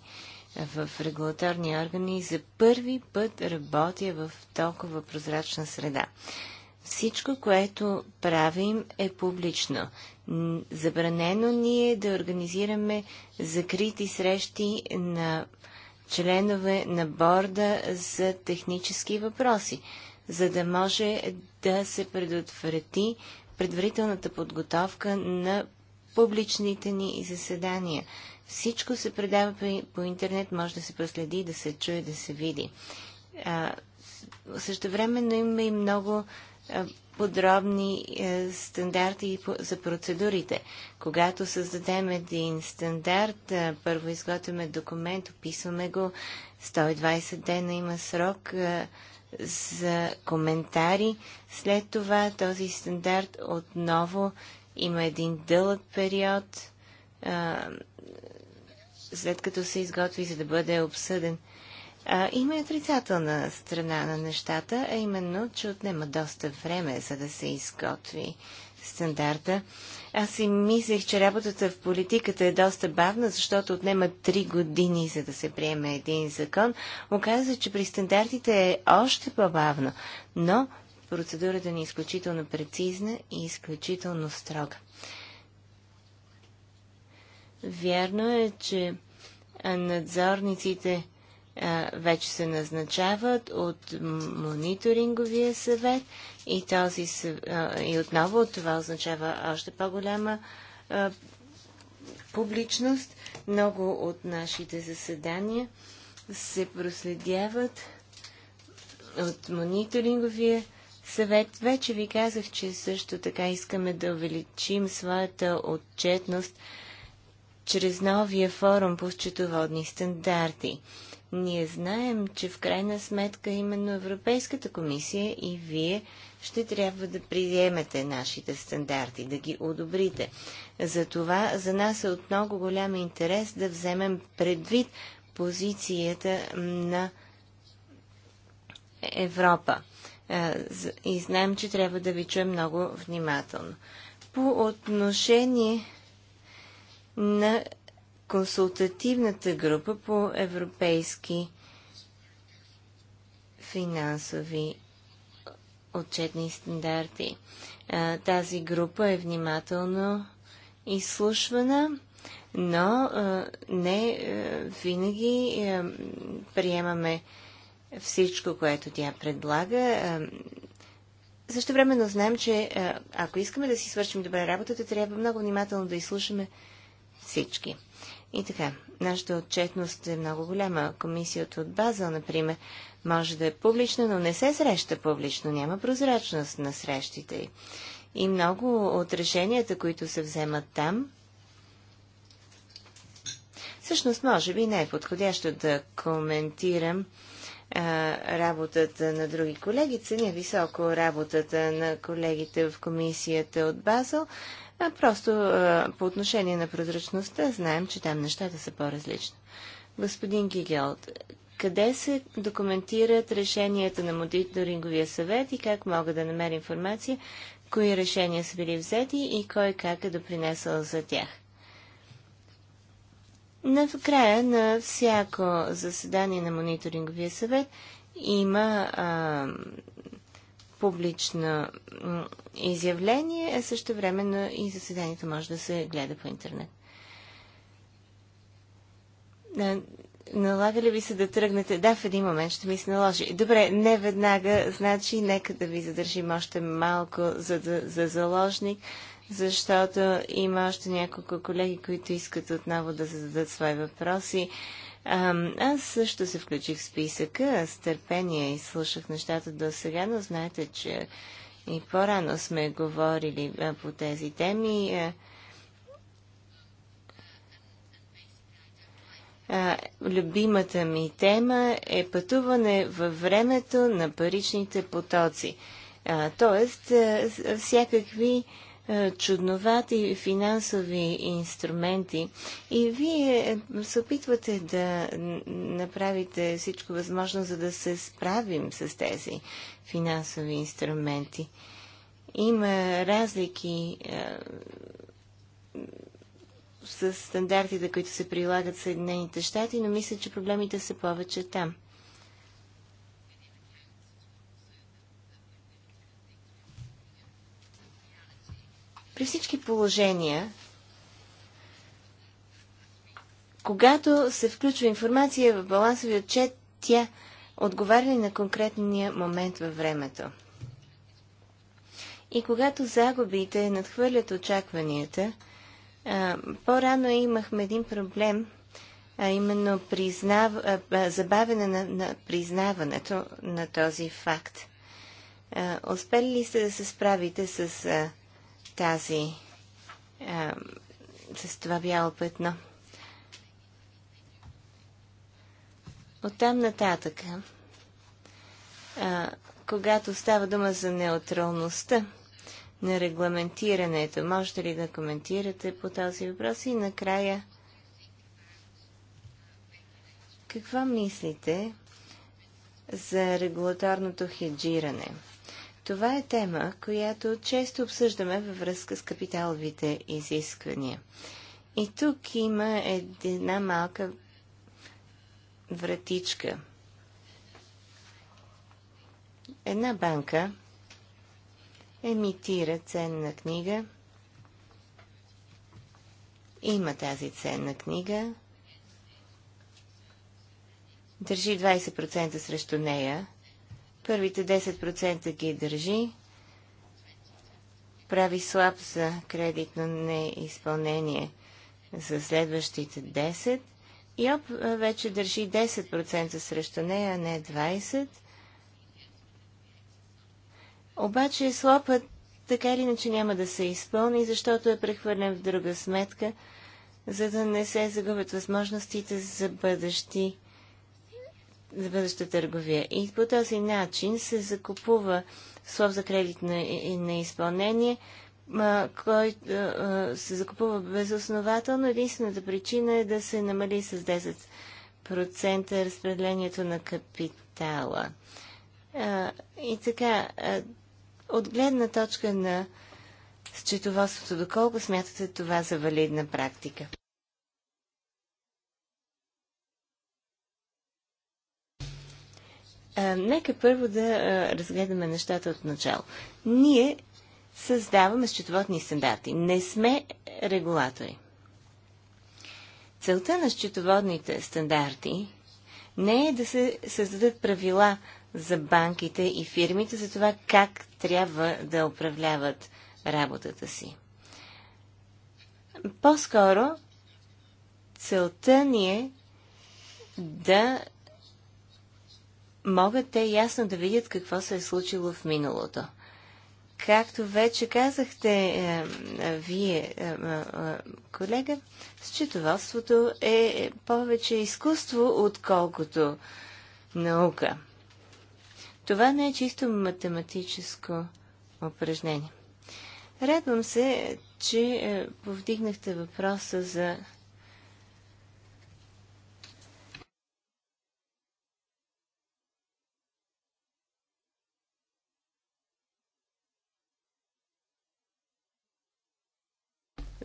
в регулаторни органи, за първи път работя в толкова прозрачна среда. Всичко, което правим, е публично. Забранено ни е да организираме закрити срещи на членове на борда за технически въпроси за да може да се предотврати предварителната подготовка на публичните ни заседания. Всичко се предава по интернет, може да се проследи, да се чуе, да се види. Също времено има и много подробни е, стандарти за процедурите. Когато създадем един стандарт, е, първо изготвяме документ, описваме го, 120 дена има срок е, за коментари. След това този стандарт отново има един дълъг период, а, след като се изготви, за да бъде обсъден. А, има и отрицателна страна на нещата, а именно, че отнема доста време, за да се изготви стандарта. Аз си мислех, че работата в политиката е доста бавна, защото отнема три години, за да се приеме един закон. Оказва, че при стандартите е още по-бавно, но процедурата ни е изключително прецизна и изключително строга. Вярно е, че надзорниците вече се назначават от мониторинговия съвет и, този, и отново това означава още по-голяма публичност. Много от нашите заседания се проследяват от мониторинговия съвет. Вече ви казах, че също така искаме да увеличим своята отчетност чрез новия форум по счетоводни стандарти. Ние знаем, че в крайна сметка именно Европейската комисия и вие ще трябва да приемете нашите стандарти, да ги одобрите. Затова за нас е от много голям интерес да вземем предвид позицията на Европа. Е, и знаем, че трябва да ви чуем много внимателно. По отношение на консултативната група по европейски финансови отчетни стандарти. Тази група е внимателно изслушвана, но не винаги приемаме всичко, което тя предлага. Също времено знаем, че ако искаме да си свършим добре работата, трябва много внимателно да изслушаме всички. И така, нашата отчетност е много голяма. Комисията от Базел, например, може да е публична, но не се среща публично. Няма прозрачност на срещите й. И много от решенията, които се вземат там, всъщност, може би не е подходящо да коментирам а, работата на други колеги. Ценя високо работата на колегите в комисията от Базел. А просто а, по отношение на прозрачността знаем, че там нещата са по-различни. Господин Гигелт, къде се документират решенията на мониторинговия съвет и как мога да намеря информация, кои решения са били взети и кой как е допринесъл за тях? На края на всяко заседание на мониторинговия съвет има а, публично изявление, а също времено и заседанието може да се гледа по интернет. Налага ли ви се да тръгнете? Да, в един момент ще ми се наложи. Добре, не веднага, значи нека да ви задържим още малко за, да, за заложник, защото има още няколко колеги, които искат отново да зададат свои въпроси. Аз също се включих в списъка с търпение и слушах нещата до сега, но знаете, че и по-рано сме говорили а, по тези теми. А, а, любимата ми тема е пътуване във времето на паричните потоци. Тоест, всякакви е, чудновати финансови инструменти и вие е, се опитвате да направите всичко възможно, за да се справим с тези финансови инструменти. Има разлики е, с стандартите, които се прилагат в Съединените щати, но мисля, че проблемите са повече там. При всички положения, когато се включва информация в балансовия отчет, тя отговаря на конкретния момент във времето. И когато загубите надхвърлят очакванията, по-рано имахме един проблем, а именно признав... забавяне на, на признаването на този факт. успели ли сте да се справите с тази а, с това бяло петно. Оттам нататък, а, когато става дума за неутралността на регламентирането, можете ли да коментирате по този въпрос и накрая какво мислите за регулаторното хеджиране? Това е тема, която често обсъждаме във връзка с капиталовите изисквания. И тук има една малка вратичка. Една банка емитира ценна книга, има тази ценна книга, държи 20% срещу нея – Първите 10% ги държи, прави слаб за кредитно неизпълнение за следващите 10 и ОП вече държи 10% срещу нея, а не 20%. Обаче слопът така или иначе няма да се изпълни, защото е прехвърлен в друга сметка, за да не се загубят възможностите за бъдещи за бъдеща търговия. И по този начин се закупува слов за кредит на, на изпълнение, който се закупува безоснователно. Единствената причина е да се намали с 10% разпределението на капитала. А, и така, а, от гледна точка на счетоводството, доколко смятате това за валидна практика? А, нека първо да а, разгледаме нещата от начало. Ние създаваме счетоводни стандарти. Не сме регулатори. Целта на счетоводните стандарти не е да се създадат правила за банките и фирмите за това как трябва да управляват работата си. По-скоро целта ни е да могат те ясно да видят какво се е случило в миналото. Както вече казахте е, е, вие, е, е, е колега, счетоводството е повече изкуство, отколкото наука. Това не е чисто математическо упражнение. Радвам се, че е, повдигнахте въпроса за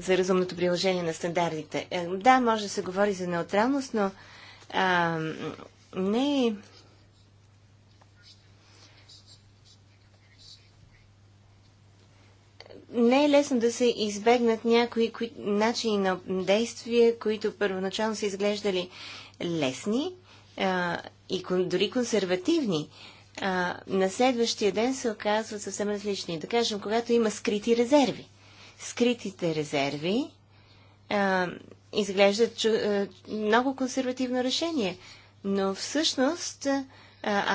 за разумното приложение на стандартите. Е, да, може да се говори за неутралност, но а, не не е лесно да се избегнат някои кои, начини на действия, които първоначално са изглеждали лесни а, и кон, дори консервативни. А, на следващия ден се оказват съвсем различни. Да кажем, когато има скрити резерви скритите резерви а, изглежда чу, а, много консервативно решение. Но всъщност, а,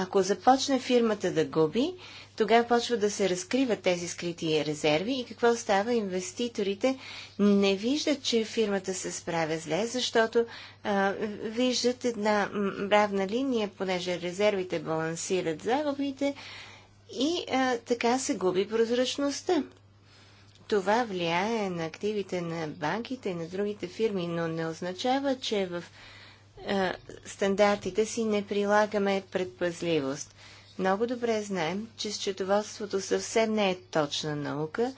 ако започне фирмата да губи, тогава почва да се разкриват тези скрити резерви и какво става? Инвеститорите не виждат, че фирмата се справя зле, защото а, виждат една равна линия, понеже резервите балансират загубите и а, така се губи прозрачността. Това влияе на активите на банките и на другите фирми, но не означава, че в е, стандартите си не прилагаме предпазливост. Много добре знаем, че счетоводството съвсем не е точна наука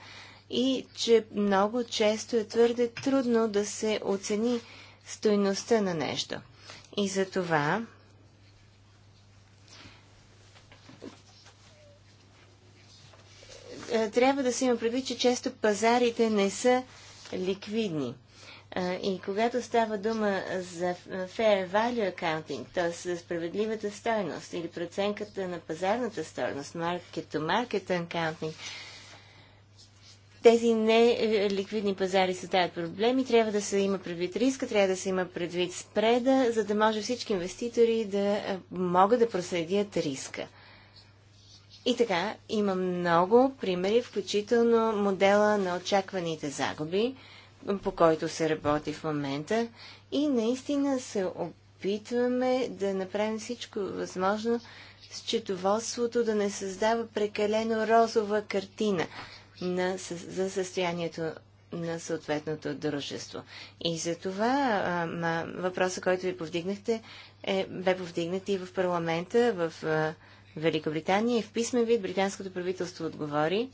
и че много често е твърде трудно да се оцени стойността на нещо. И за това Е, трябва да се има предвид, че често пазарите не са ликвидни. Е, и когато става дума за fair value accounting, т.е. за справедливата стойност или преценката на пазарната стойност, market to market accounting, тези неликвидни пазари създават проблеми, трябва да се има предвид риска, трябва да се има предвид спреда, за да може всички инвеститори да е, могат да проследят риска. И така, има много примери, включително модела на очакваните загуби, по който се работи в момента. И наистина се опитваме да направим всичко възможно, счетоводството да не създава прекалено розова картина на, за състоянието на съответното дружество. И за това въпросът, въпроса, който ви повдигнахте, е, бе повдигнат и в парламента, в а, Великобритания и в писмен вид британското правителство отговори,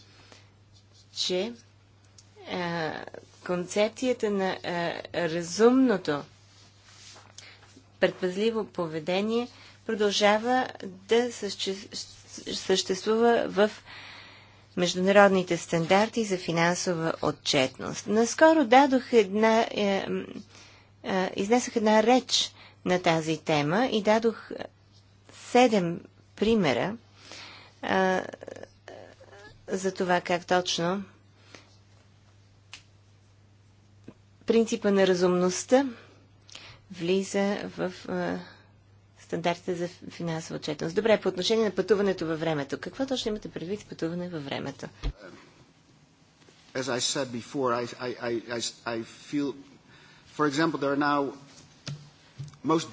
че а, е, концепцията на а, е, разумното предпазливо поведение продължава да съществува в международните стандарти за финансова отчетност. Наскоро дадох една, е, е, изнесах една реч на тази тема и дадох седем примера а, за това как точно принципа на разумността влиза в а, стандартите за финансова отчетност. Добре, по отношение на пътуването във времето. Какво точно имате предвид с пътуване във времето? As I said before, I, I, I, I feel, for example, there are now most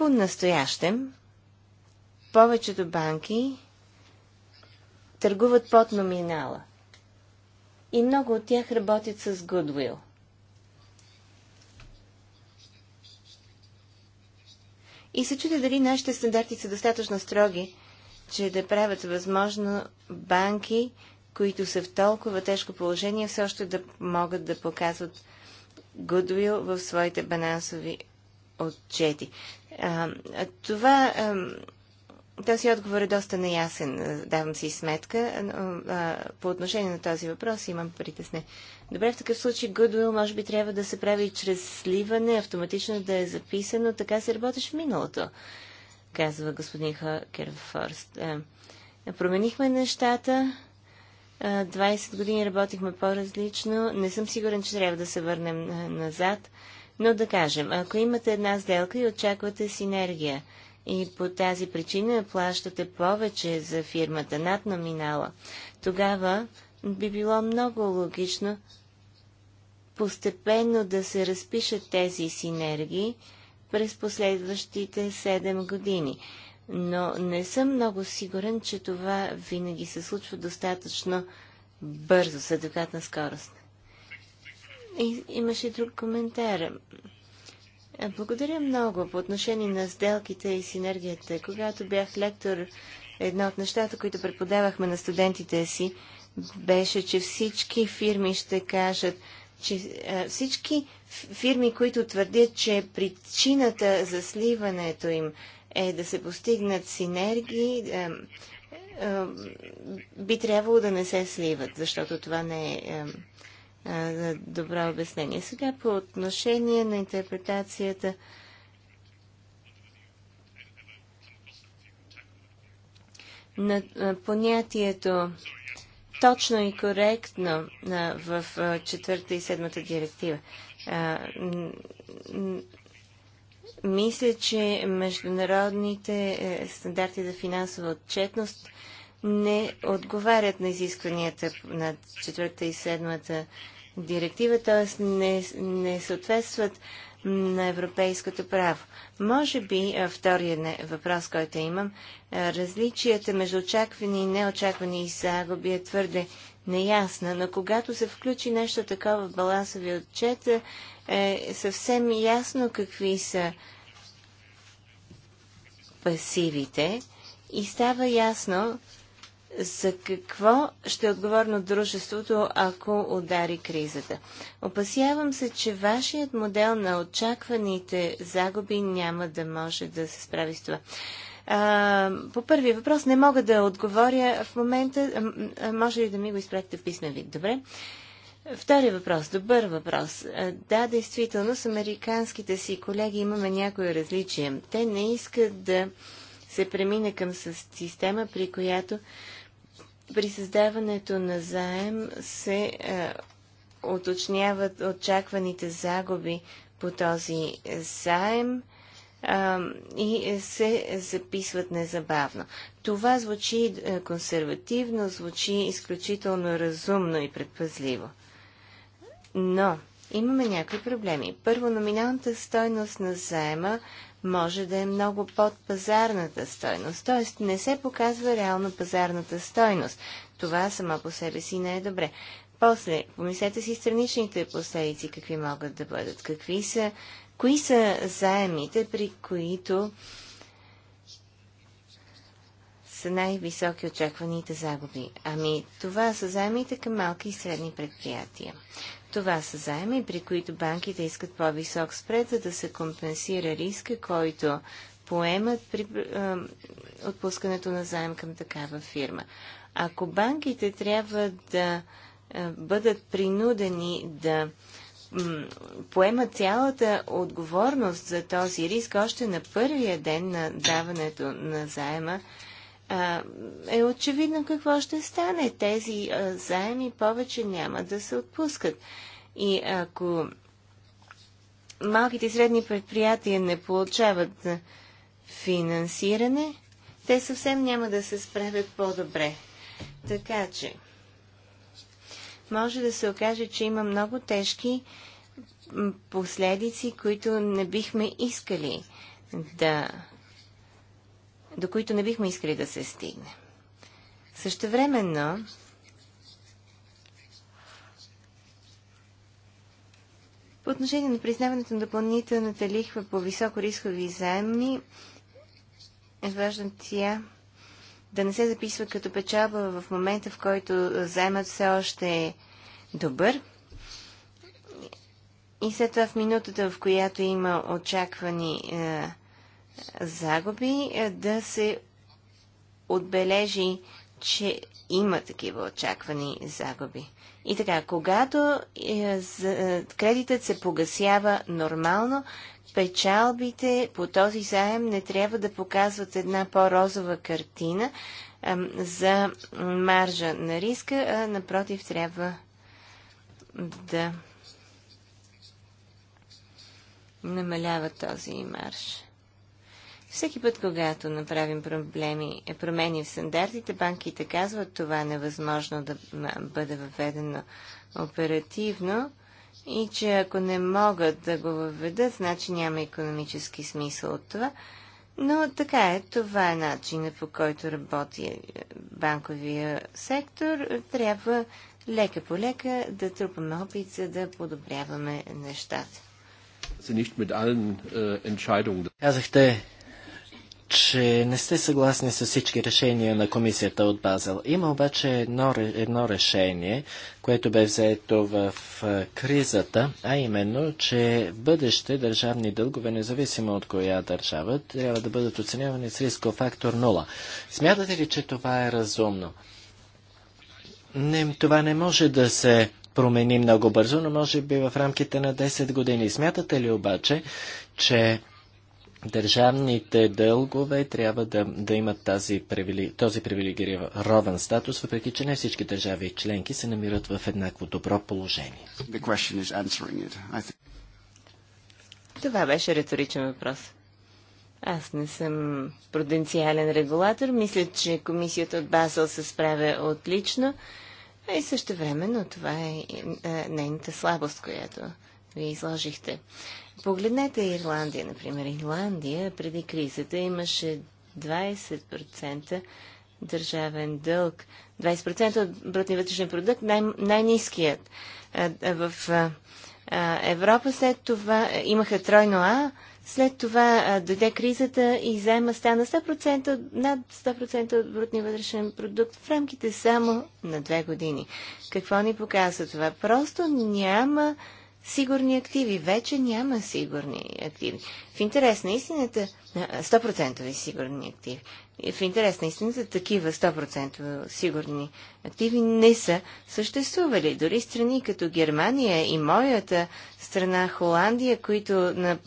по-настоящем повечето банки търгуват под номинала и много от тях работят с Goodwill. И се чуди дали нашите стандарти са достатъчно строги, че да правят възможно банки, които са в толкова тежко положение, все още да могат да показват Goodwill в своите банансови отчети. А, това, този отговор е доста неясен, давам си сметка. Но, по отношение на този въпрос имам притесне. Добре, в такъв случай Goodwill може би трябва да се прави чрез сливане, автоматично да е записано. Така се работиш в миналото, казва господин Хакерфорст. Променихме нещата. 20 години работихме по-различно. Не съм сигурен, че трябва да се върнем назад. Но да кажем, ако имате една сделка и очаквате синергия и по тази причина плащате повече за фирмата над номинала, тогава би било много логично постепенно да се разпишат тези синергии през последващите 7 години. Но не съм много сигурен, че това винаги се случва достатъчно бързо, с адекватна скорост. И, имаше друг коментар. Е, благодаря много по отношение на сделките и синергията. Когато бях лектор, едно от нещата, които преподавахме на студентите си, беше, че всички фирми ще кажат, че е, всички фирми, които твърдят, че причината за сливането им е да се постигнат синергии, е, би трябвало да не се сливат, защото това не е а, добро обяснение. Сега по отношение на интерпретацията на понятието точно и коректно а, в четвърта и седмата директива. А, мисля, че международните е, стандарти за финансова отчетност не отговарят на изискванията на четвърта и седмата директива, т.е. Не, не съответстват на европейското право. Може би, втория въпрос, който имам, различията между очаквани и неочаквани и загуби е твърде неясна, но когато се включи нещо такова в балансови отчет, е съвсем ясно какви са пасивите и става ясно за какво ще е отговорно дружеството, ако удари кризата. Опасявам се, че вашият модел на очакваните загуби няма да може да се справи с това. А, по първия въпрос не мога да отговоря в момента. А, може ли да ми го изпратите в писмен вид? Добре. Втори въпрос, добър въпрос. Да, действително с американските си колеги имаме някои различия. Те не искат да се премине към система, при която при създаването на заем се е, уточняват очакваните загуби по този заем е, и се записват незабавно. Това звучи е, консервативно, звучи изключително разумно и предпазливо. Но имаме някои проблеми. Първо, номиналната стойност на заема може да е много под пазарната стойност. Т.е. не се показва реално пазарната стойност. Това само по себе си не е добре. После, помислете си страничните последици, какви могат да бъдат. Какви са, кои са заемите, при които са най-високи очакваните загуби? Ами, това са заемите към малки и средни предприятия. Това са заеми, при които банките искат по-висок спред, за да се компенсира риска, който поемат при е, отпускането на заем към такава фирма. Ако банките трябва да е, бъдат принудени да поемат цялата отговорност за този риск още на първия ден на даването на заема, а, е очевидно какво ще стане. Тези а, заеми повече няма да се отпускат. И ако малките и средни предприятия не получават финансиране, те съвсем няма да се справят по-добре. Така че, може да се окаже, че има много тежки последици, които не бихме искали да до които не бихме искали да се стигне. Същевременно, по отношение на признаването на допълнителната лихва по високо рискови заемни, е важно тя да не се записва като печалба в момента, в който заемът все още е добър. И след това в минутата, в която има очаквани е, загуби, е, да се отбележи, че има такива очаквани загуби. И така, когато е, е, кредитът се погасява нормално, печалбите по този заем не трябва да показват една по-розова картина за маржа на риска, а напротив трябва да намалява този марш. Всеки път, когато направим проблеми, е промени в стандартите, банките казват, това е невъзможно да бъде въведено оперативно и че ако не могат да го въведат, значи няма економически смисъл от това. Но така е, това е начинът по който работи е, банковия сектор. Трябва лека по лека да трупаме опит, за да подобряваме нещата. Казахте, че не сте съгласни с всички решения на комисията от Базел. Има обаче едно, едно решение, което бе взето в е, кризата, а именно, че бъдеще държавни дългове, независимо от коя държава, трябва да бъдат оценявани с рисков фактор 0. Смятате ли, че това е разумно? Не, това не може да се промени много бързо, но може би в рамките на 10 години. Смятате ли обаче, че държавните дългове трябва да, да имат тази привили, този привилегирован статус, въпреки че не всички държави и членки се намират в еднакво добро положение. Това беше риторичен въпрос. Аз не съм проденциален регулатор. Мисля, че комисията от Базъл се справя отлично. А и също времено това е, е нейната слабост, която ви изложихте. Погледнете Ирландия, например. Ирландия преди кризата имаше 20% държавен дълг. 20% от брутния вътрешен продукт, най- най-низкият. в Европа след това имаха тройно А, след това дойде кризата и заема стана 100%, над 100% от брутния вътрешен продукт в рамките само на две години. Какво ни показва това? Просто няма сигурни активи. Вече няма сигурни активи. В интерес на истината, 100% сигурни активи. В интерес на истината, такива 100% сигурни активи не са съществували. Дори страни като Германия и моята страна Холандия, които на,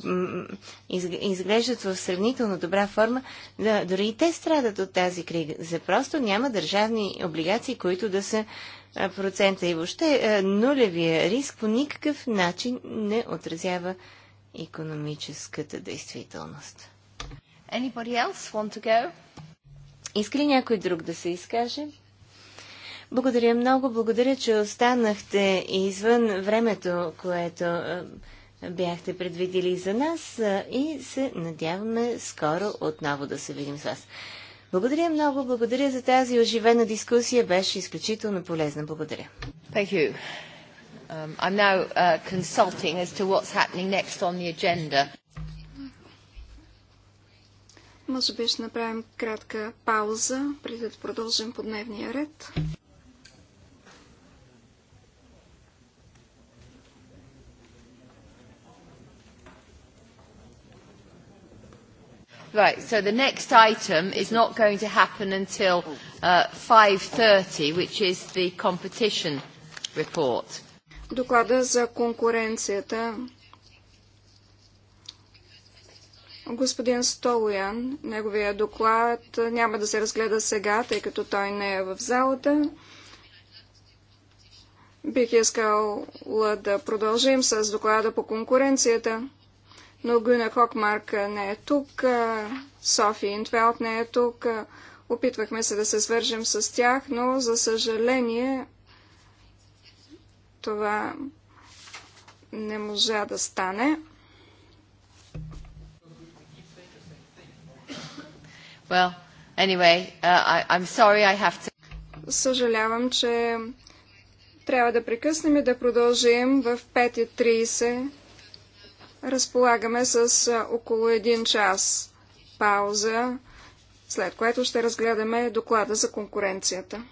изглеждат в сравнително добра форма, да, дори и те страдат от тази криза. Просто няма държавни облигации, които да са процента и въобще нулевия риск по никакъв начин не отразява економическата действителност. Иска ли някой друг да се изкаже? Благодаря много. Благодаря, че останахте извън времето, което бяхте предвидели за нас и се надяваме скоро отново да се видим с вас. Благодаря много, благодаря за тази оживена дискусия, беше изключително полезна. Благодаря. Thank you. Um, I'm now uh, consulting as to what's happening next on the agenda. Може би ще направим кратка пауза, преди да продължим по дневния ред. Right, so the next item is not going to happen until uh, 5.30, which is the competition report. Доклада за конкуренцията. Господин Столоян, неговия доклад няма да се разгледа сега, тъй като той не е в залата. Бих искал да продължим с доклада по конкуренцията но Гуна Хокмарк не е тук, Софи Интвелт не е тук. Опитвахме се да се свържем с тях, но за съжаление това не можа да стане. Well, anyway, uh, I, I'm sorry I have to... Съжалявам, че трябва да прекъснем и да продължим в 5.30. Разполагаме с около един час пауза, след което ще разгледаме доклада за конкуренцията.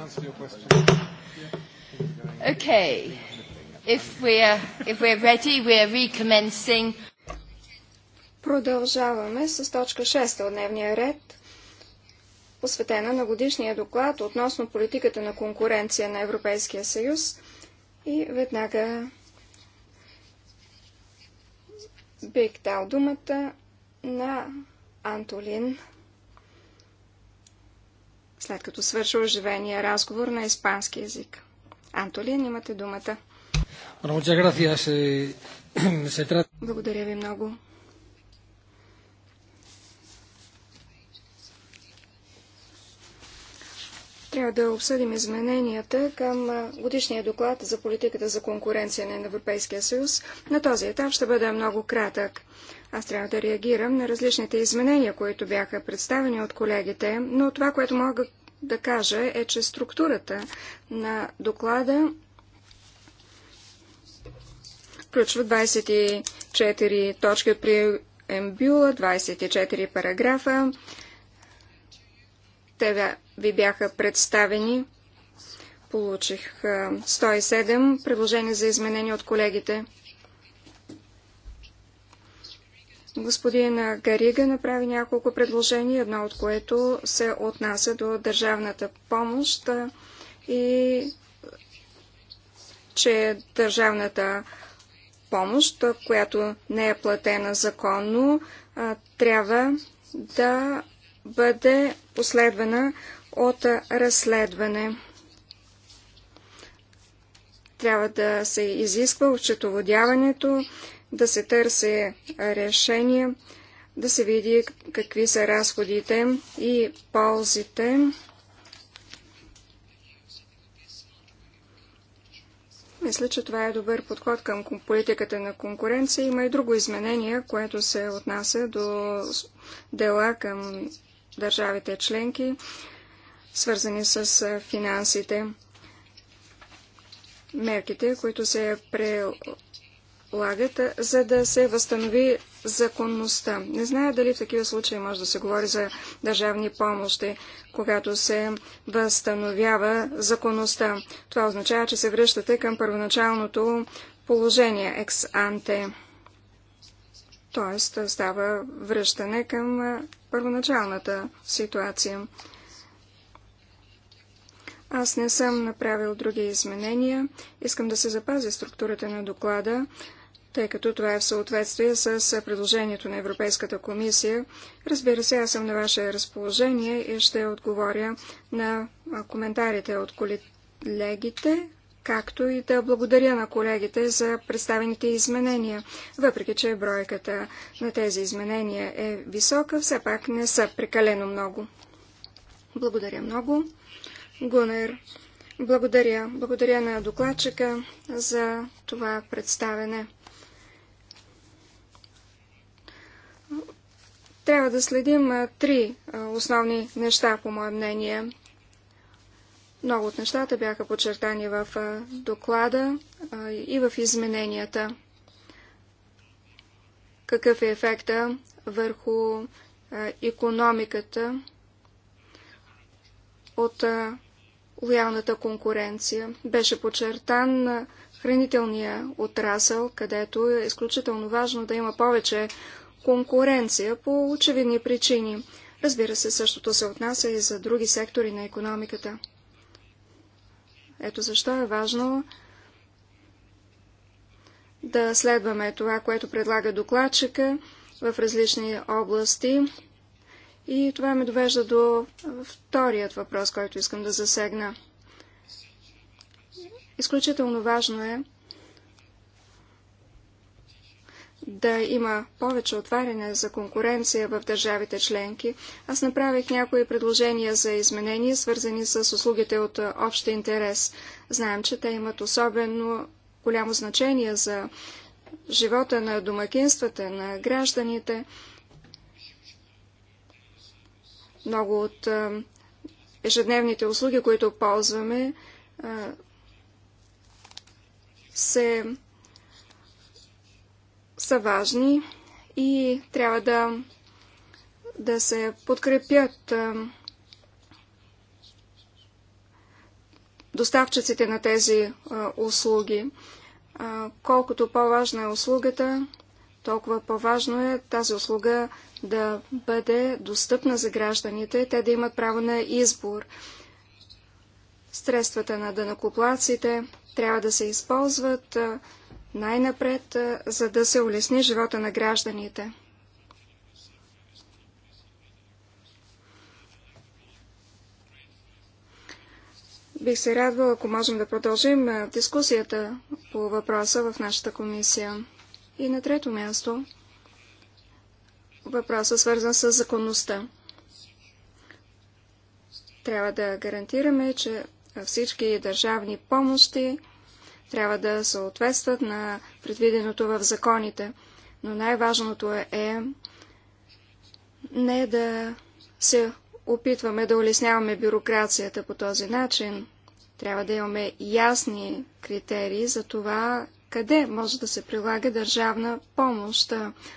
answer your question. Okay. If we're, ready, we're recommencing. Продължаваме с точка 6 от дневния ред, посветена на годишния доклад относно политиката на конкуренция на Европейския съюз. И веднага бих дал думата на Антолин след като свърши оживения разговор на испански язик. Антолин, имате думата. Eh, [clears throat] Благодаря ви много. Трябва да обсъдим измененията към годишния доклад за политиката за конкуренция на Европейския съюз. На този етап ще бъда много кратък. Аз трябва да реагирам на различните изменения, които бяха представени от колегите, но това, което мога да кажа е, че структурата на доклада включва 24 точки от преембюла, 24 параграфа. Те ви бяха представени. Получих 107 предложения за изменения от колегите. Господин Гарига направи няколко предложения, едно от което се отнася до държавната помощ и че държавната помощ, която не е платена законно, трябва да бъде последвана от разследване. Трябва да се изисква отчетоводяването да се търси решение, да се види какви са разходите и ползите. Мисля, че това е добър подход към политиката на конкуренция. Има и друго изменение, което се отнася до дела към държавите членки, свързани с финансите. Мерките, които се прилагат прилагат, за да се възстанови законността. Не зная дали в такива случаи може да се говори за държавни помощи, когато се възстановява законността. Това означава, че се връщате към първоначалното положение екс-анте. Тоест става връщане към първоначалната ситуация. Аз не съм направил други изменения. Искам да се запази структурата на доклада, тъй като това е в съответствие с предложението на Европейската комисия. Разбира се, аз съм на ваше разположение и ще отговоря на коментарите от колегите, както и да благодаря на колегите за представените изменения. Въпреки, че бройката на тези изменения е висока, все пак не са прекалено много. Благодаря много. Гунер, благодаря. Благодаря на докладчика за това представене. Трябва да следим три основни неща, по мое мнение. Много от нещата бяха подчертани в доклада и в измененията. Какъв е ефекта върху економиката от лоялната конкуренция. Беше подчертан хранителния отрасъл, където е изключително важно да има повече конкуренция по очевидни причини. Разбира се, същото се отнася и за други сектори на економиката. Ето защо е важно да следваме това, което предлага докладчика в различни области. И това ме довежда до вторият въпрос, който искам да засегна. Изключително важно е да има повече отваряне за конкуренция в държавите членки, аз направих някои предложения за изменения, свързани с услугите от общ интерес. Знаем, че те имат особено голямо значение за живота на домакинствата, на гражданите. Много от ежедневните услуги, които ползваме, се са важни и трябва да, да се подкрепят доставчиците на тези услуги. колкото по-важна е услугата, толкова по-важно е тази услуга да бъде достъпна за гражданите, те да имат право на избор. Средствата на дънакоплаците трябва да се използват най-напред, за да се улесни живота на гражданите. Бих се радвала, ако можем да продължим дискусията по въпроса в нашата комисия. И на трето място въпроса свързан с законността. Трябва да гарантираме, че всички държавни помощи трябва да съответстват на предвиденото в законите. Но най-важното е, е не да се опитваме да улесняваме бюрокрацията по този начин. Трябва да имаме ясни критерии за това къде може да се прилага държавна помощ,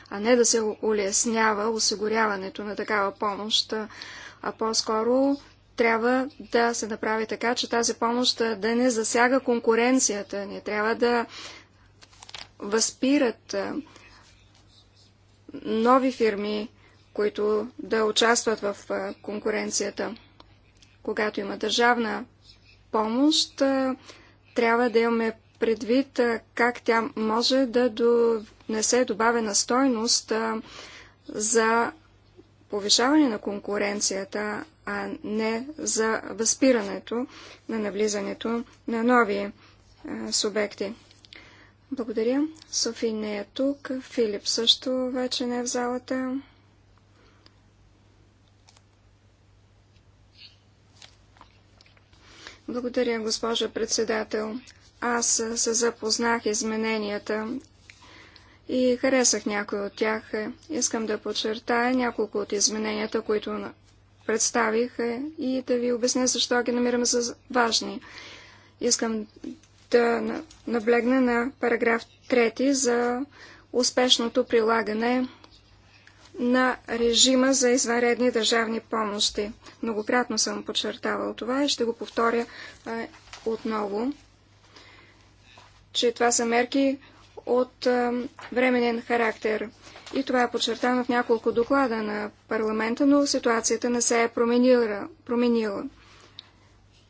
а не да се улеснява осигуряването на такава помощ, а по-скоро трябва да се направи така, че тази помощ да не засяга конкуренцията. Не трябва да възпират нови фирми, които да участват в конкуренцията. Когато има държавна помощ, трябва да имаме предвид как тя може да донесе добавена стойност за повишаване на конкуренцията, а не за възпирането на навлизането на нови субекти. Благодаря. Софи не е тук. Филип също вече не е в залата. Благодаря, госпожа председател. Аз се запознах измененията и харесах някои от тях. Искам да подчертая няколко от измененията, които представих и да ви обясня защо ги намираме за важни. Искам да наблегна на параграф 3 за успешното прилагане на режима за извънредни държавни помощи. Многократно съм подчертавал това и ще го повторя а, отново, че това са мерки от а, временен характер. И това е подчертано в няколко доклада на парламента, но ситуацията не се е променила. променила.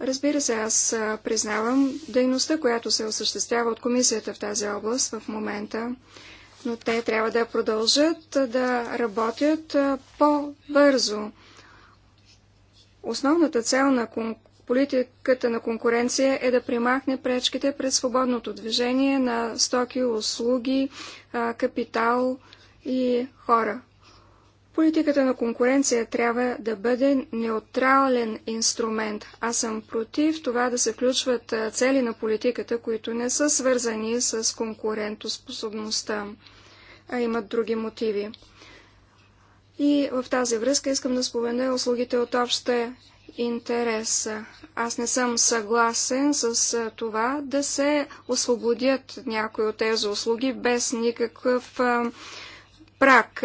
Разбира се, аз признавам дейността, която се осъществява от комисията в тази област в момента, но те трябва да продължат да работят по-бързо. Основната цел на политиката на конкуренция е да примахне пречките пред свободното движение на стоки, услуги, капитал, и хора. Политиката на конкуренция трябва да бъде неутрален инструмент. Аз съм против това да се включват цели на политиката, които не са свързани с конкурентоспособността, а имат други мотиви. И в тази връзка искам да спомена услугите от обща интерес. Аз не съм съгласен с това да се освободят някои от тези услуги без никакъв прак,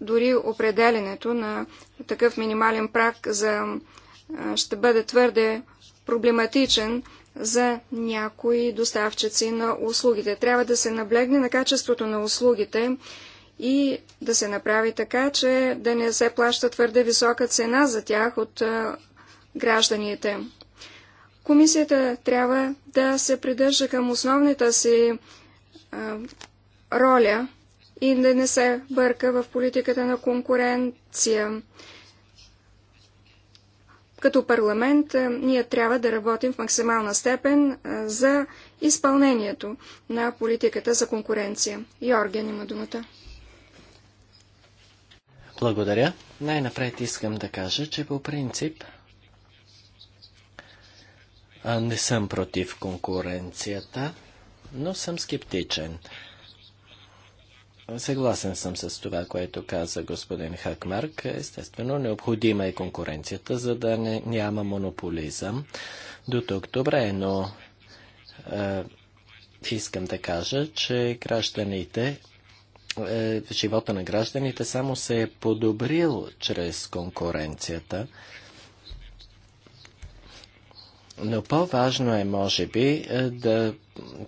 дори определенето на такъв минимален прак за, ще бъде твърде проблематичен за някои доставчици на услугите. Трябва да се наблегне на качеството на услугите и да се направи така, че да не се плаща твърде висока цена за тях от гражданите. Комисията трябва да се придържа към основната си роля и да не се бърка в политиката на конкуренция. Като парламент ние трябва да работим в максимална степен за изпълнението на политиката за конкуренция. Йорген има думата. Благодаря. Най-напред искам да кажа, че по принцип не съм против конкуренцията, но съм скептичен. Съгласен съм с това, което каза господин Хакмарк. Естествено, необходима е конкуренцията, за да не, няма монополизъм. До тук добре, но е, искам да кажа, че гражданите, е, живота на гражданите само се е подобрил чрез конкуренцията. Но по-важно е, може би, е, да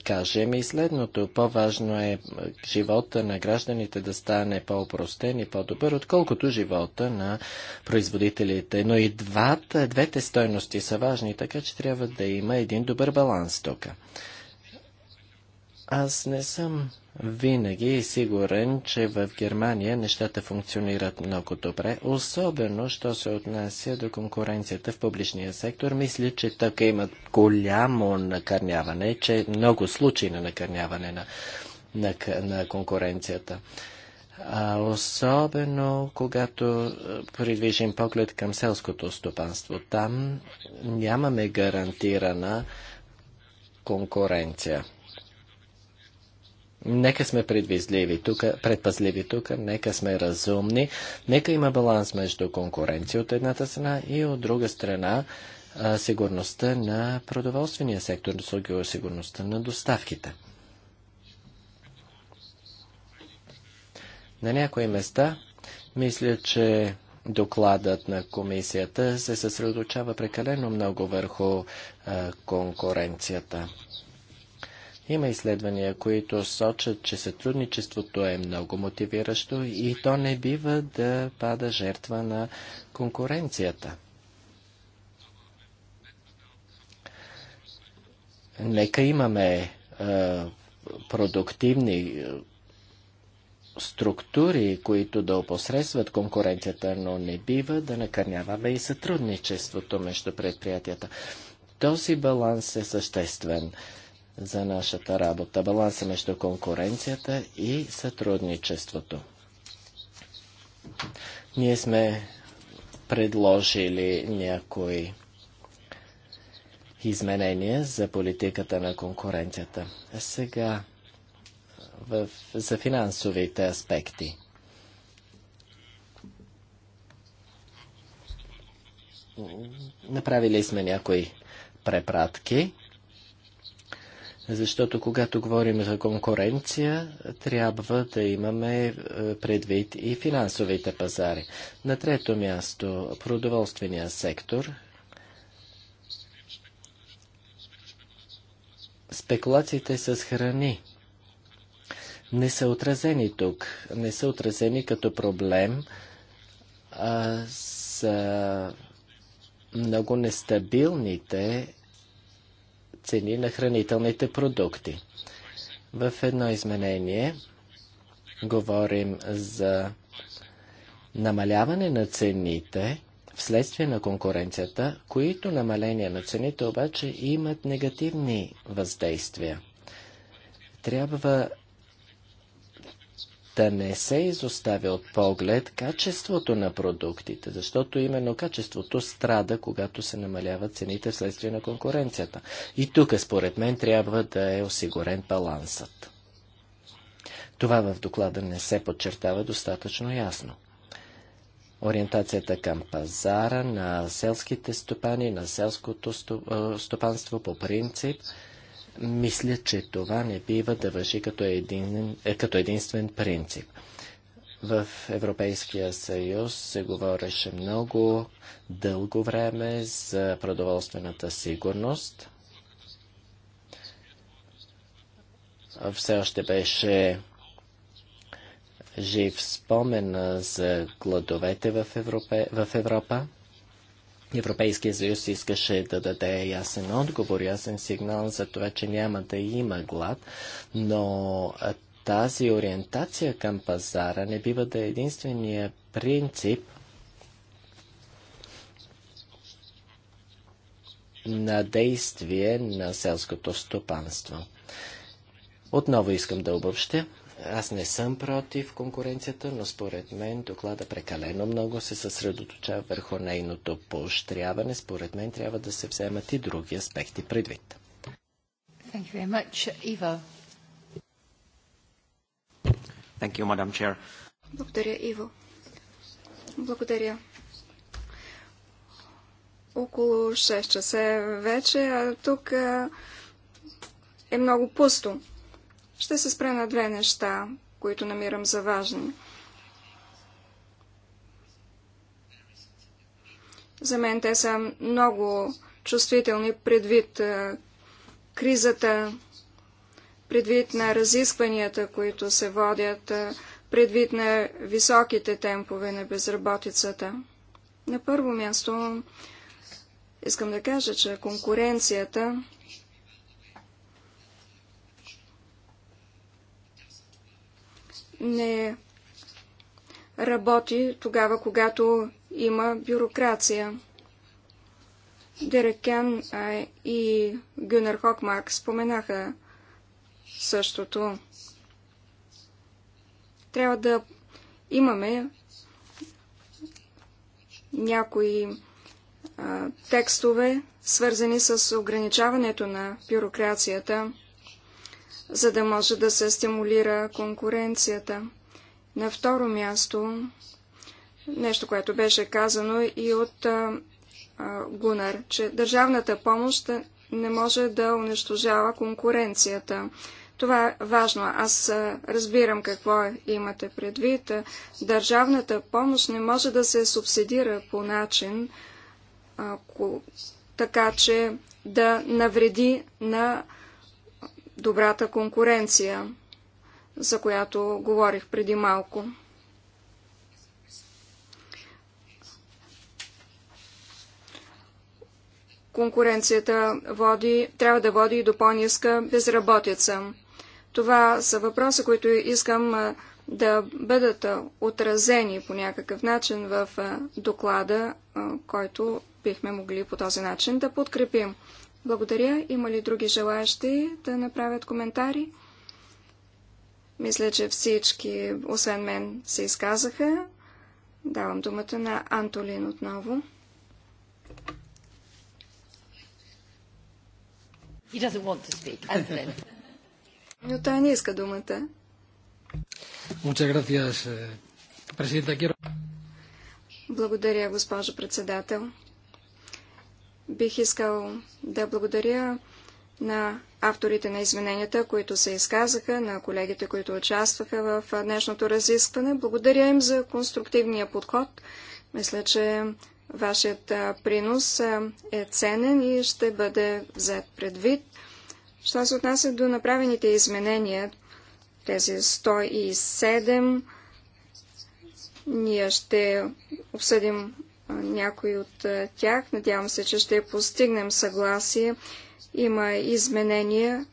кажем и следното. По-важно е, е живота на гражданите да стане по-опростен и по-добър, отколкото живота на производителите. Но и двата, двете стойности са важни, така че трябва да има един добър баланс тук. Аз не съм винаги сигурен, че в Германия нещата функционират много добре, особено, що се отнася до конкуренцията в публичния сектор. Мисля, че тук имат голямо накърняване, че много случаи на накърняване на, на, на конкуренцията. А особено, когато придвижим поглед към селското стопанство. Там нямаме гарантирана конкуренция. Нека сме предвизливи тук, предпазливи тук, нека сме разумни, нека има баланс между конкуренция от едната страна и от друга страна а, сигурността на продоволствения сектор, сигурността на доставките. На някои места мисля, че докладът на комисията се съсредоточава прекалено много върху а, конкуренцията. Има изследвания, които сочат, че сътрудничеството е много мотивиращо и то не бива да пада жертва на конкуренцията. Нека имаме е, продуктивни е, структури, които да опосредстват конкуренцията, но не бива да накърняваме и сътрудничеството между предприятията. Този баланс е съществен за нашата работа. Баланса между конкуренцията и сътрудничеството. Ние сме предложили някои изменения за политиката на конкуренцията. А сега в, за финансовите аспекти. Направили сме някои препратки защото когато говорим за конкуренция, трябва да имаме е, предвид и финансовите пазари. На трето място, продоволствения сектор. Спекулациите с храни не са отразени тук. Не са отразени като проблем а, с много нестабилните цени на хранителните продукти. В едно изменение говорим за намаляване на цените вследствие на конкуренцията, които намаления на цените обаче имат негативни въздействия. Трябва да не се изоставя от поглед качеството на продуктите, защото именно качеството страда, когато се намаляват цените вследствие на конкуренцията. И тук, според мен, трябва да е осигурен балансът. Това в доклада не се подчертава достатъчно ясно. Ориентацията към пазара на селските стопани, на селското стопанство по принцип – мисля, че това не бива да въжи като, един, е, като единствен принцип. В Европейския съюз се говореше много дълго време за продоволствената сигурност. Все още беше жив спомена за гладовете в, Европе, в Европа. Европейския съюз искаше да даде ясен отговор, ясен сигнал за това, че няма да има глад, но тази ориентация към пазара не бива да е единствения принцип на действие на селското стопанство. Отново искам да обобщя. Аз не съм против конкуренцията, но според мен доклада прекалено много се съсредоточава върху нейното поощряване. Според мен трябва да се вземат и други аспекти предвид. Thank you very much. Eva. Thank you, Madam Chair. Благодаря, Иво. Благодаря. Около 6 часа е вече, а тук е много пусто. Ще се спра на две неща, които намирам за важни. За мен те са много чувствителни предвид кризата, предвид на разискванията, които се водят, предвид на високите темпове на безработицата. На първо място искам да кажа, че конкуренцията не работи тогава, когато има бюрокрация. Дерекен и Гюнер Хокмак споменаха същото. Трябва да имаме някои а, текстове, свързани с ограничаването на бюрокрацията за да може да се стимулира конкуренцията. На второ място, нещо, което беше казано и от а, а, Гунар, че държавната помощ не може да унищожава конкуренцията. Това е важно. Аз разбирам какво имате предвид. Държавната помощ не може да се субсидира по начин, ако, така че да навреди на добрата конкуренция, за която говорих преди малко. Конкуренцията води, трябва да води и до по-ниска безработица. Това са въпроси, които искам да бъдат отразени по някакъв начин в доклада, който бихме могли по този начин да подкрепим. Благодаря. Има ли други желаящи да направят коментари? Мисля, че всички, освен мен, се изказаха. Давам думата на Антолин отново. He doesn't want to speak, Antolin. [laughs] Но той не иска думата. Eh, Благодаря, госпожо председател. Бих искал да благодаря на авторите на измененията, които се изказаха, на колегите, които участваха в днешното разискване. Благодаря им за конструктивния подход. Мисля, че вашият принос е ценен и ще бъде взет предвид. Що се отнася до направените изменения, тези 107, ние ще обсъдим някои от тях. Надявам се, че ще постигнем съгласие. Има изменения,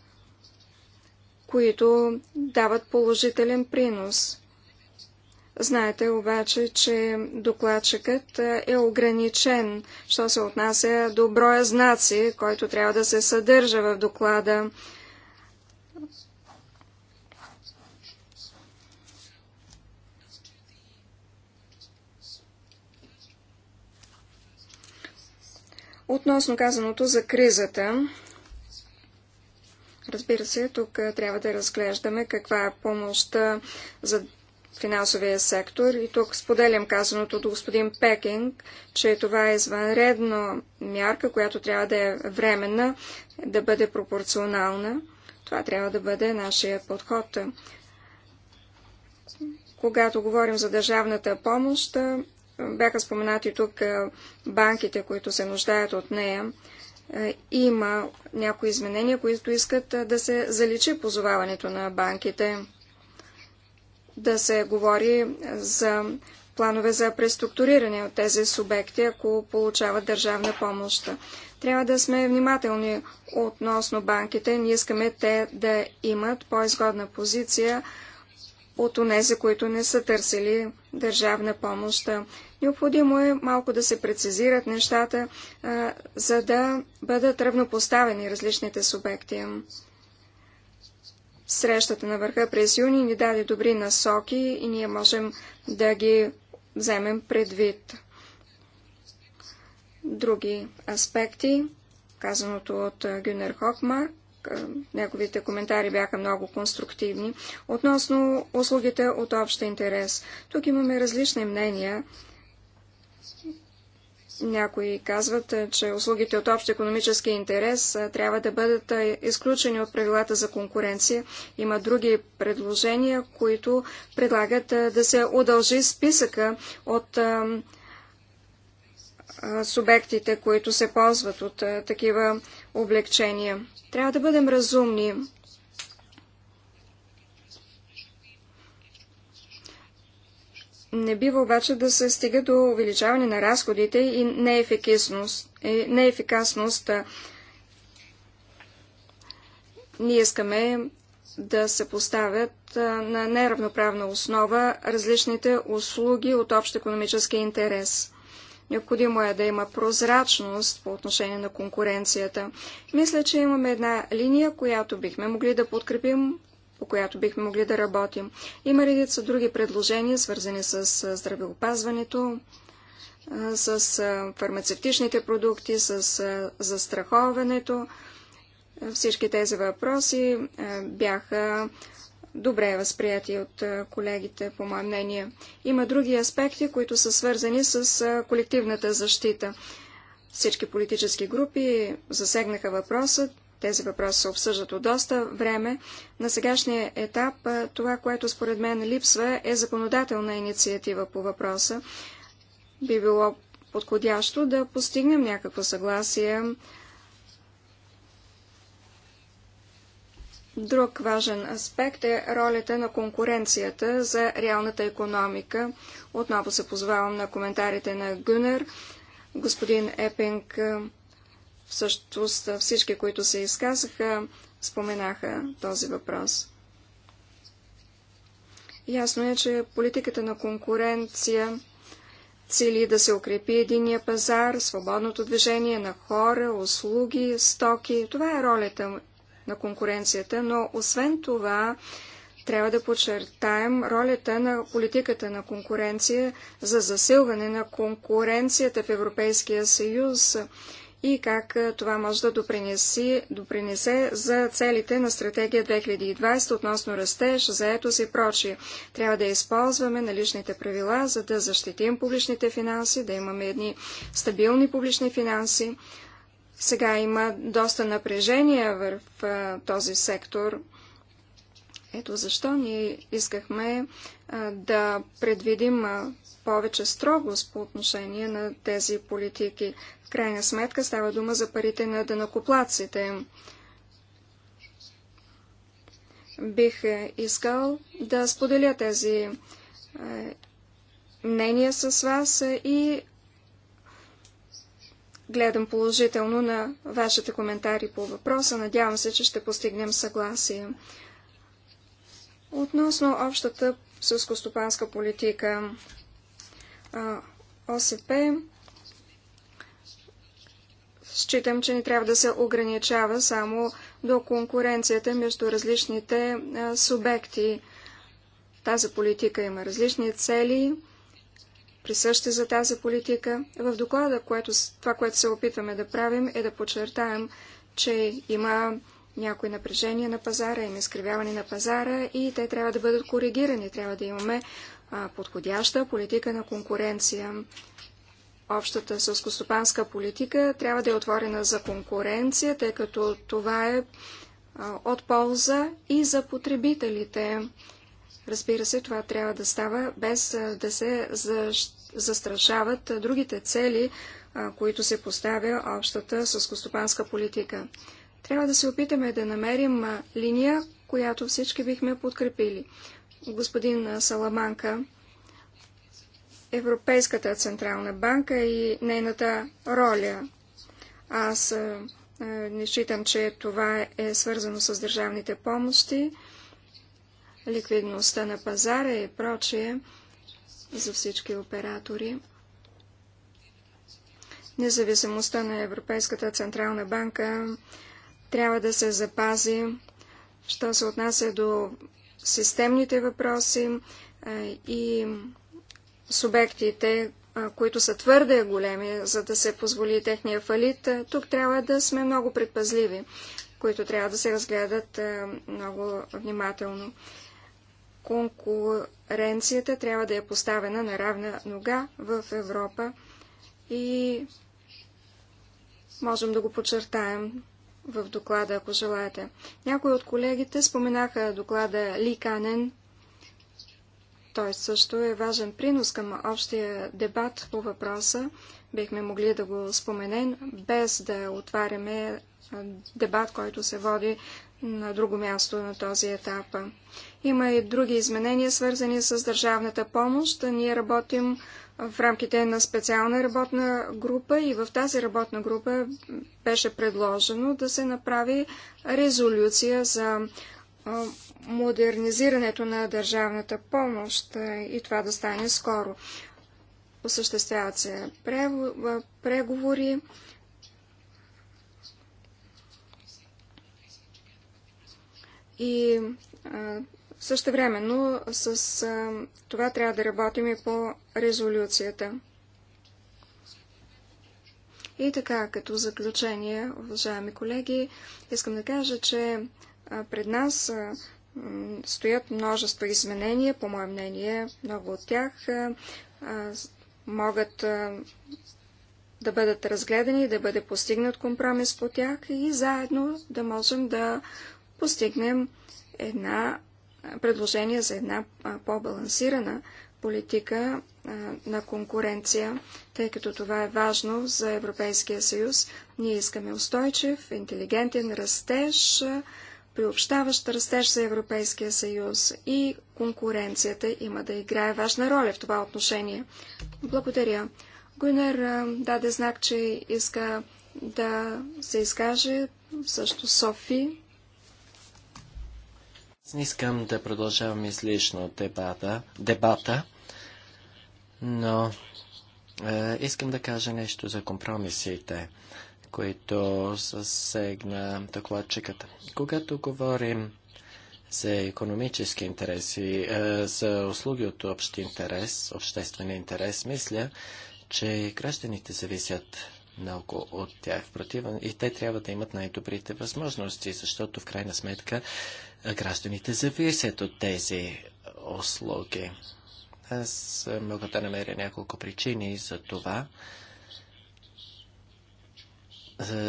които дават положителен принос. Знаете обаче, че докладчикът е ограничен, що се отнася до броя знаци, който трябва да се съдържа в доклада. Относно казаното за кризата, разбира се, тук трябва да разглеждаме каква е помощта за финансовия сектор. И тук споделям казаното до господин Пекинг, че това е извънредна мярка, която трябва да е временна, да бъде пропорционална. Това трябва да бъде нашия подход. Когато говорим за държавната помощ, бяха споменати тук е, банките, които се нуждаят от нея. Е, има някои изменения, които искат е, да се заличи позоваването на банките, да се говори за планове за преструктуриране от тези субекти, ако получават държавна помощ. Трябва да сме внимателни относно банките. Ние искаме те да имат по-изгодна позиция от онези, които не са търсили държавна помощ. Необходимо е малко да се прецизират нещата, за да бъдат равнопоставени различните субекти. Срещата на върха през юни ни даде добри насоки и ние можем да ги вземем предвид. Други аспекти, казаното от Гюнер Хокмарк, е, неговите коментари бяха много конструктивни. Относно услугите от общ интерес. Тук имаме различни мнения. Някои казват, е, че услугите от общ економически интерес е, трябва да бъдат изключени от правилата за конкуренция. Има други предложения, които предлагат да се удължи списъка от субектите, които се ползват от такива облегчения. Трябва да бъдем разумни. Не бива обаче да се стига до увеличаване на разходите и неефикасност. Ние искаме да се поставят на неравноправна основа различните услуги от общ економически интерес. Необходимо е да има прозрачност по отношение на конкуренцията. Мисля, че имаме една линия, която бихме могли да подкрепим, по която бихме могли да работим. Има редица други предложения, свързани с здравеопазването, с фармацевтичните продукти, с застраховането. Всички тези въпроси бяха добре е възприяти от колегите, по мое мнение. Има други аспекти, които са свързани с колективната защита. Всички политически групи засегнаха въпроса. Тези въпроси се обсъждат от доста време. На сегашния етап това, което според мен липсва, е законодателна инициатива по въпроса. Би било подходящо да постигнем някакво съгласие Друг важен аспект е ролята на конкуренцията за реалната економика. Отново се позвавам на коментарите на Гюнер, господин Епинг, всъщност всички, които се изказаха, споменаха този въпрос. Ясно е, че политиката на конкуренция цели да се укрепи единия пазар, свободното движение на хора, услуги, стоки. Това е ролята на конкуренцията, но освен това трябва да подчертаем ролята на политиката на конкуренция за засилване на конкуренцията в Европейския съюз и как това може да допринесе, допринесе за целите на стратегия 2020 относно растеж, заетост и прочие. Трябва да използваме наличните правила, за да защитим публичните финанси, да имаме едни стабилни публични финанси. Сега има доста напрежение в този сектор. Ето защо ние искахме да предвидим повече строгост по отношение на тези политики. В крайна сметка става дума за парите на дънакоплаците. Бих искал да споделя тези мнения с вас и Гледам положително на вашите коментари по въпроса. Надявам се, че ще постигнем съгласие. Относно общата сълскостопанска политика, ОСП, считам, че не трябва да се ограничава само до конкуренцията между различните субекти. Тази политика има различни цели присъщи за тази политика. В доклада, което, това, което се опитваме да правим, е да подчертаем, че има някои напрежения на пазара, има изкривяване на пазара и те трябва да бъдат коригирани. Трябва да имаме а, подходяща политика на конкуренция. Общата сълскостопанска политика трябва да е отворена за конкуренция, тъй като това е а, от полза и за потребителите. Разбира се, това трябва да става без да се застрашават другите цели, които се поставя общата костопанска политика. Трябва да се опитаме да намерим линия, която всички бихме подкрепили. Господин Саламанка, Европейската Централна банка и нейната роля. Аз не считам, че това е свързано с държавните помощи ликвидността на пазара и прочие за всички оператори. Независимостта на Европейската Централна банка трябва да се запази, що се отнася до системните въпроси и субектите, които са твърде големи, за да се позволи техния фалит, тук трябва да сме много предпазливи, които трябва да се разгледат много внимателно конкуренцията трябва да е поставена на равна нога в Европа и можем да го подчертаем в доклада, ако желаете. Някои от колегите споменаха доклада Ли Канен. Той също е важен принос към общия дебат по въпроса. Бихме могли да го споменем, без да отваряме дебат, който се води на друго място на този етап. Има и други изменения, свързани с държавната помощ. Ние работим в рамките на специална работна група и в тази работна група беше предложено да се направи резолюция за модернизирането на държавната помощ и това да стане скоро. Осъществяват се преговори. И също времено с а, това трябва да работим и по резолюцията. И така, като заключение, уважаеми колеги, искам да кажа, че а, пред нас а, стоят множество изменения, по мое мнение, много от тях а, могат а, да бъдат разгледани, да бъде постигнат компромис по тях и заедно да можем да постигнем една предложения за една по-балансирана политика на конкуренция, тъй като това е важно за Европейския съюз. Ние искаме устойчив, интелигентен растеж, приобщаващ растеж за Европейския съюз и конкуренцията има да играе важна роля в това отношение. Благодаря. Гуйнер даде знак, че иска да се изкаже също Софи. Не искам да продължавам излишно дебата, дебата но е, искам да кажа нещо за компромисите, които засегна докладчиката. Когато говорим за економически интереси, е, за услуги от общ интерес, обществен интерес, мисля, че гражданите зависят много от тях. И те трябва да имат най-добрите възможности, защото в крайна сметка гражданите зависят от тези услуги. Аз мога да намеря няколко причини за това,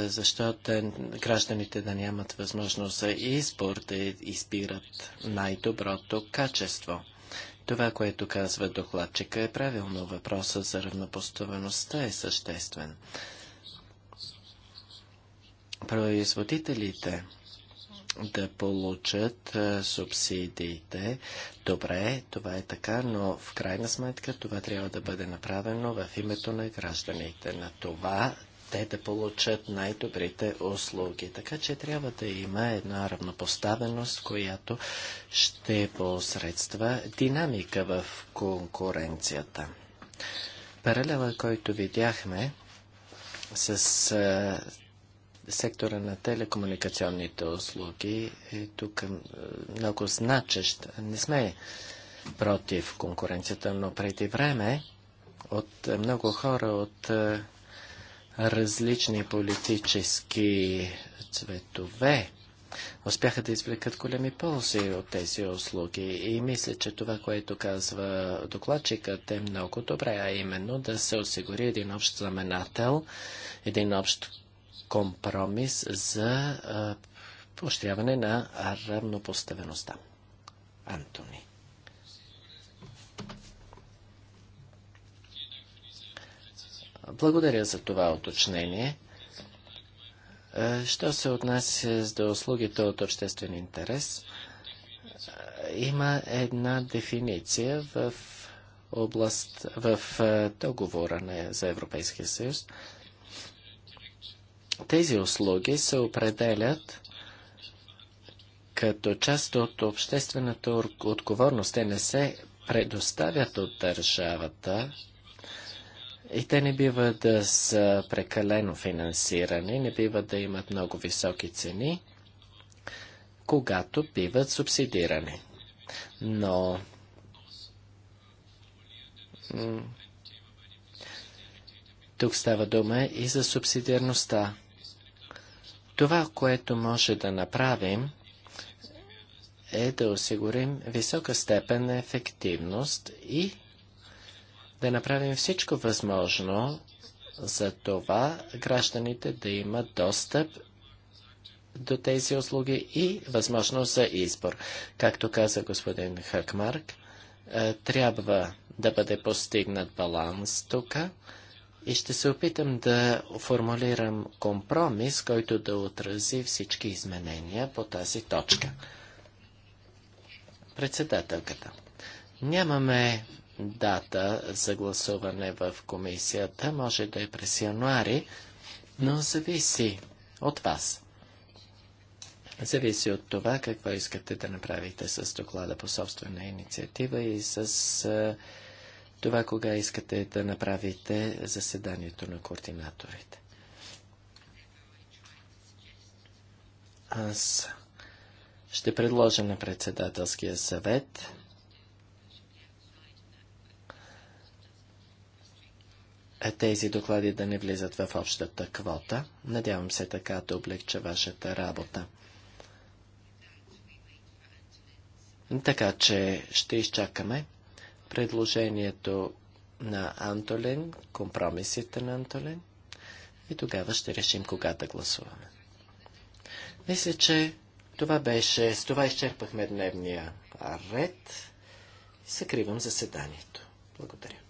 защото гражданите да нямат възможност за избор да избират най-доброто качество. Това, което казва докладчика е правилно. Въпроса за равнопоставеността е съществен. Производителите да получат субсидиите. Добре, това е така, но в крайна сметка това трябва да бъде направено в името на гражданите. На това те да получат най-добрите услуги. Така че трябва да има една равнопоставеност, която ще посредства динамика в конкуренцията. Паралела, който видяхме с сектора на телекомуникационните услуги е тук е, много значещ. Не сме против конкуренцията, но преди време от много хора от е, различни политически цветове успяха да извлекат големи ползи от тези услуги. И мисля, че това, което казва докладчикът е много добре, а именно да се осигури един общ знаменател, един общ компромис за поощряване на равнопоставеността. Антони. Благодаря за това уточнение. Що се отнася до услугите от обществен интерес, има една дефиниция в област, в договора за Европейския съюз, тези услуги се определят като част от обществената отговорност. Те не се предоставят от държавата и те не бива да са прекалено финансирани, не бива да имат много високи цени, когато биват субсидирани. Но тук става дума и за субсидиарността. Това, което може да направим, е да осигурим висока степен на ефективност и да направим всичко възможно за това гражданите да имат достъп до тези услуги и възможност за избор. Както каза господин Хакмарк, е, трябва да бъде постигнат баланс тук и ще се опитам да формулирам компромис, който да отрази всички изменения по тази точка. Председателката. Нямаме дата за гласуване в комисията, може да е през януари, но зависи от вас. Зависи от това какво искате да направите с доклада по собствена инициатива и с е, това кога искате да направите заседанието на координаторите. Аз ще предложа на председателския съвет тези доклади да не влизат в общата квота. Надявам се така да облегча вашата работа. Така че ще изчакаме предложението на Антолин, компромисите на Антолин и тогава ще решим кога да гласуваме. Мисля, че това беше, с това изчерпахме дневния ред. Съкривам заседанието. Благодаря.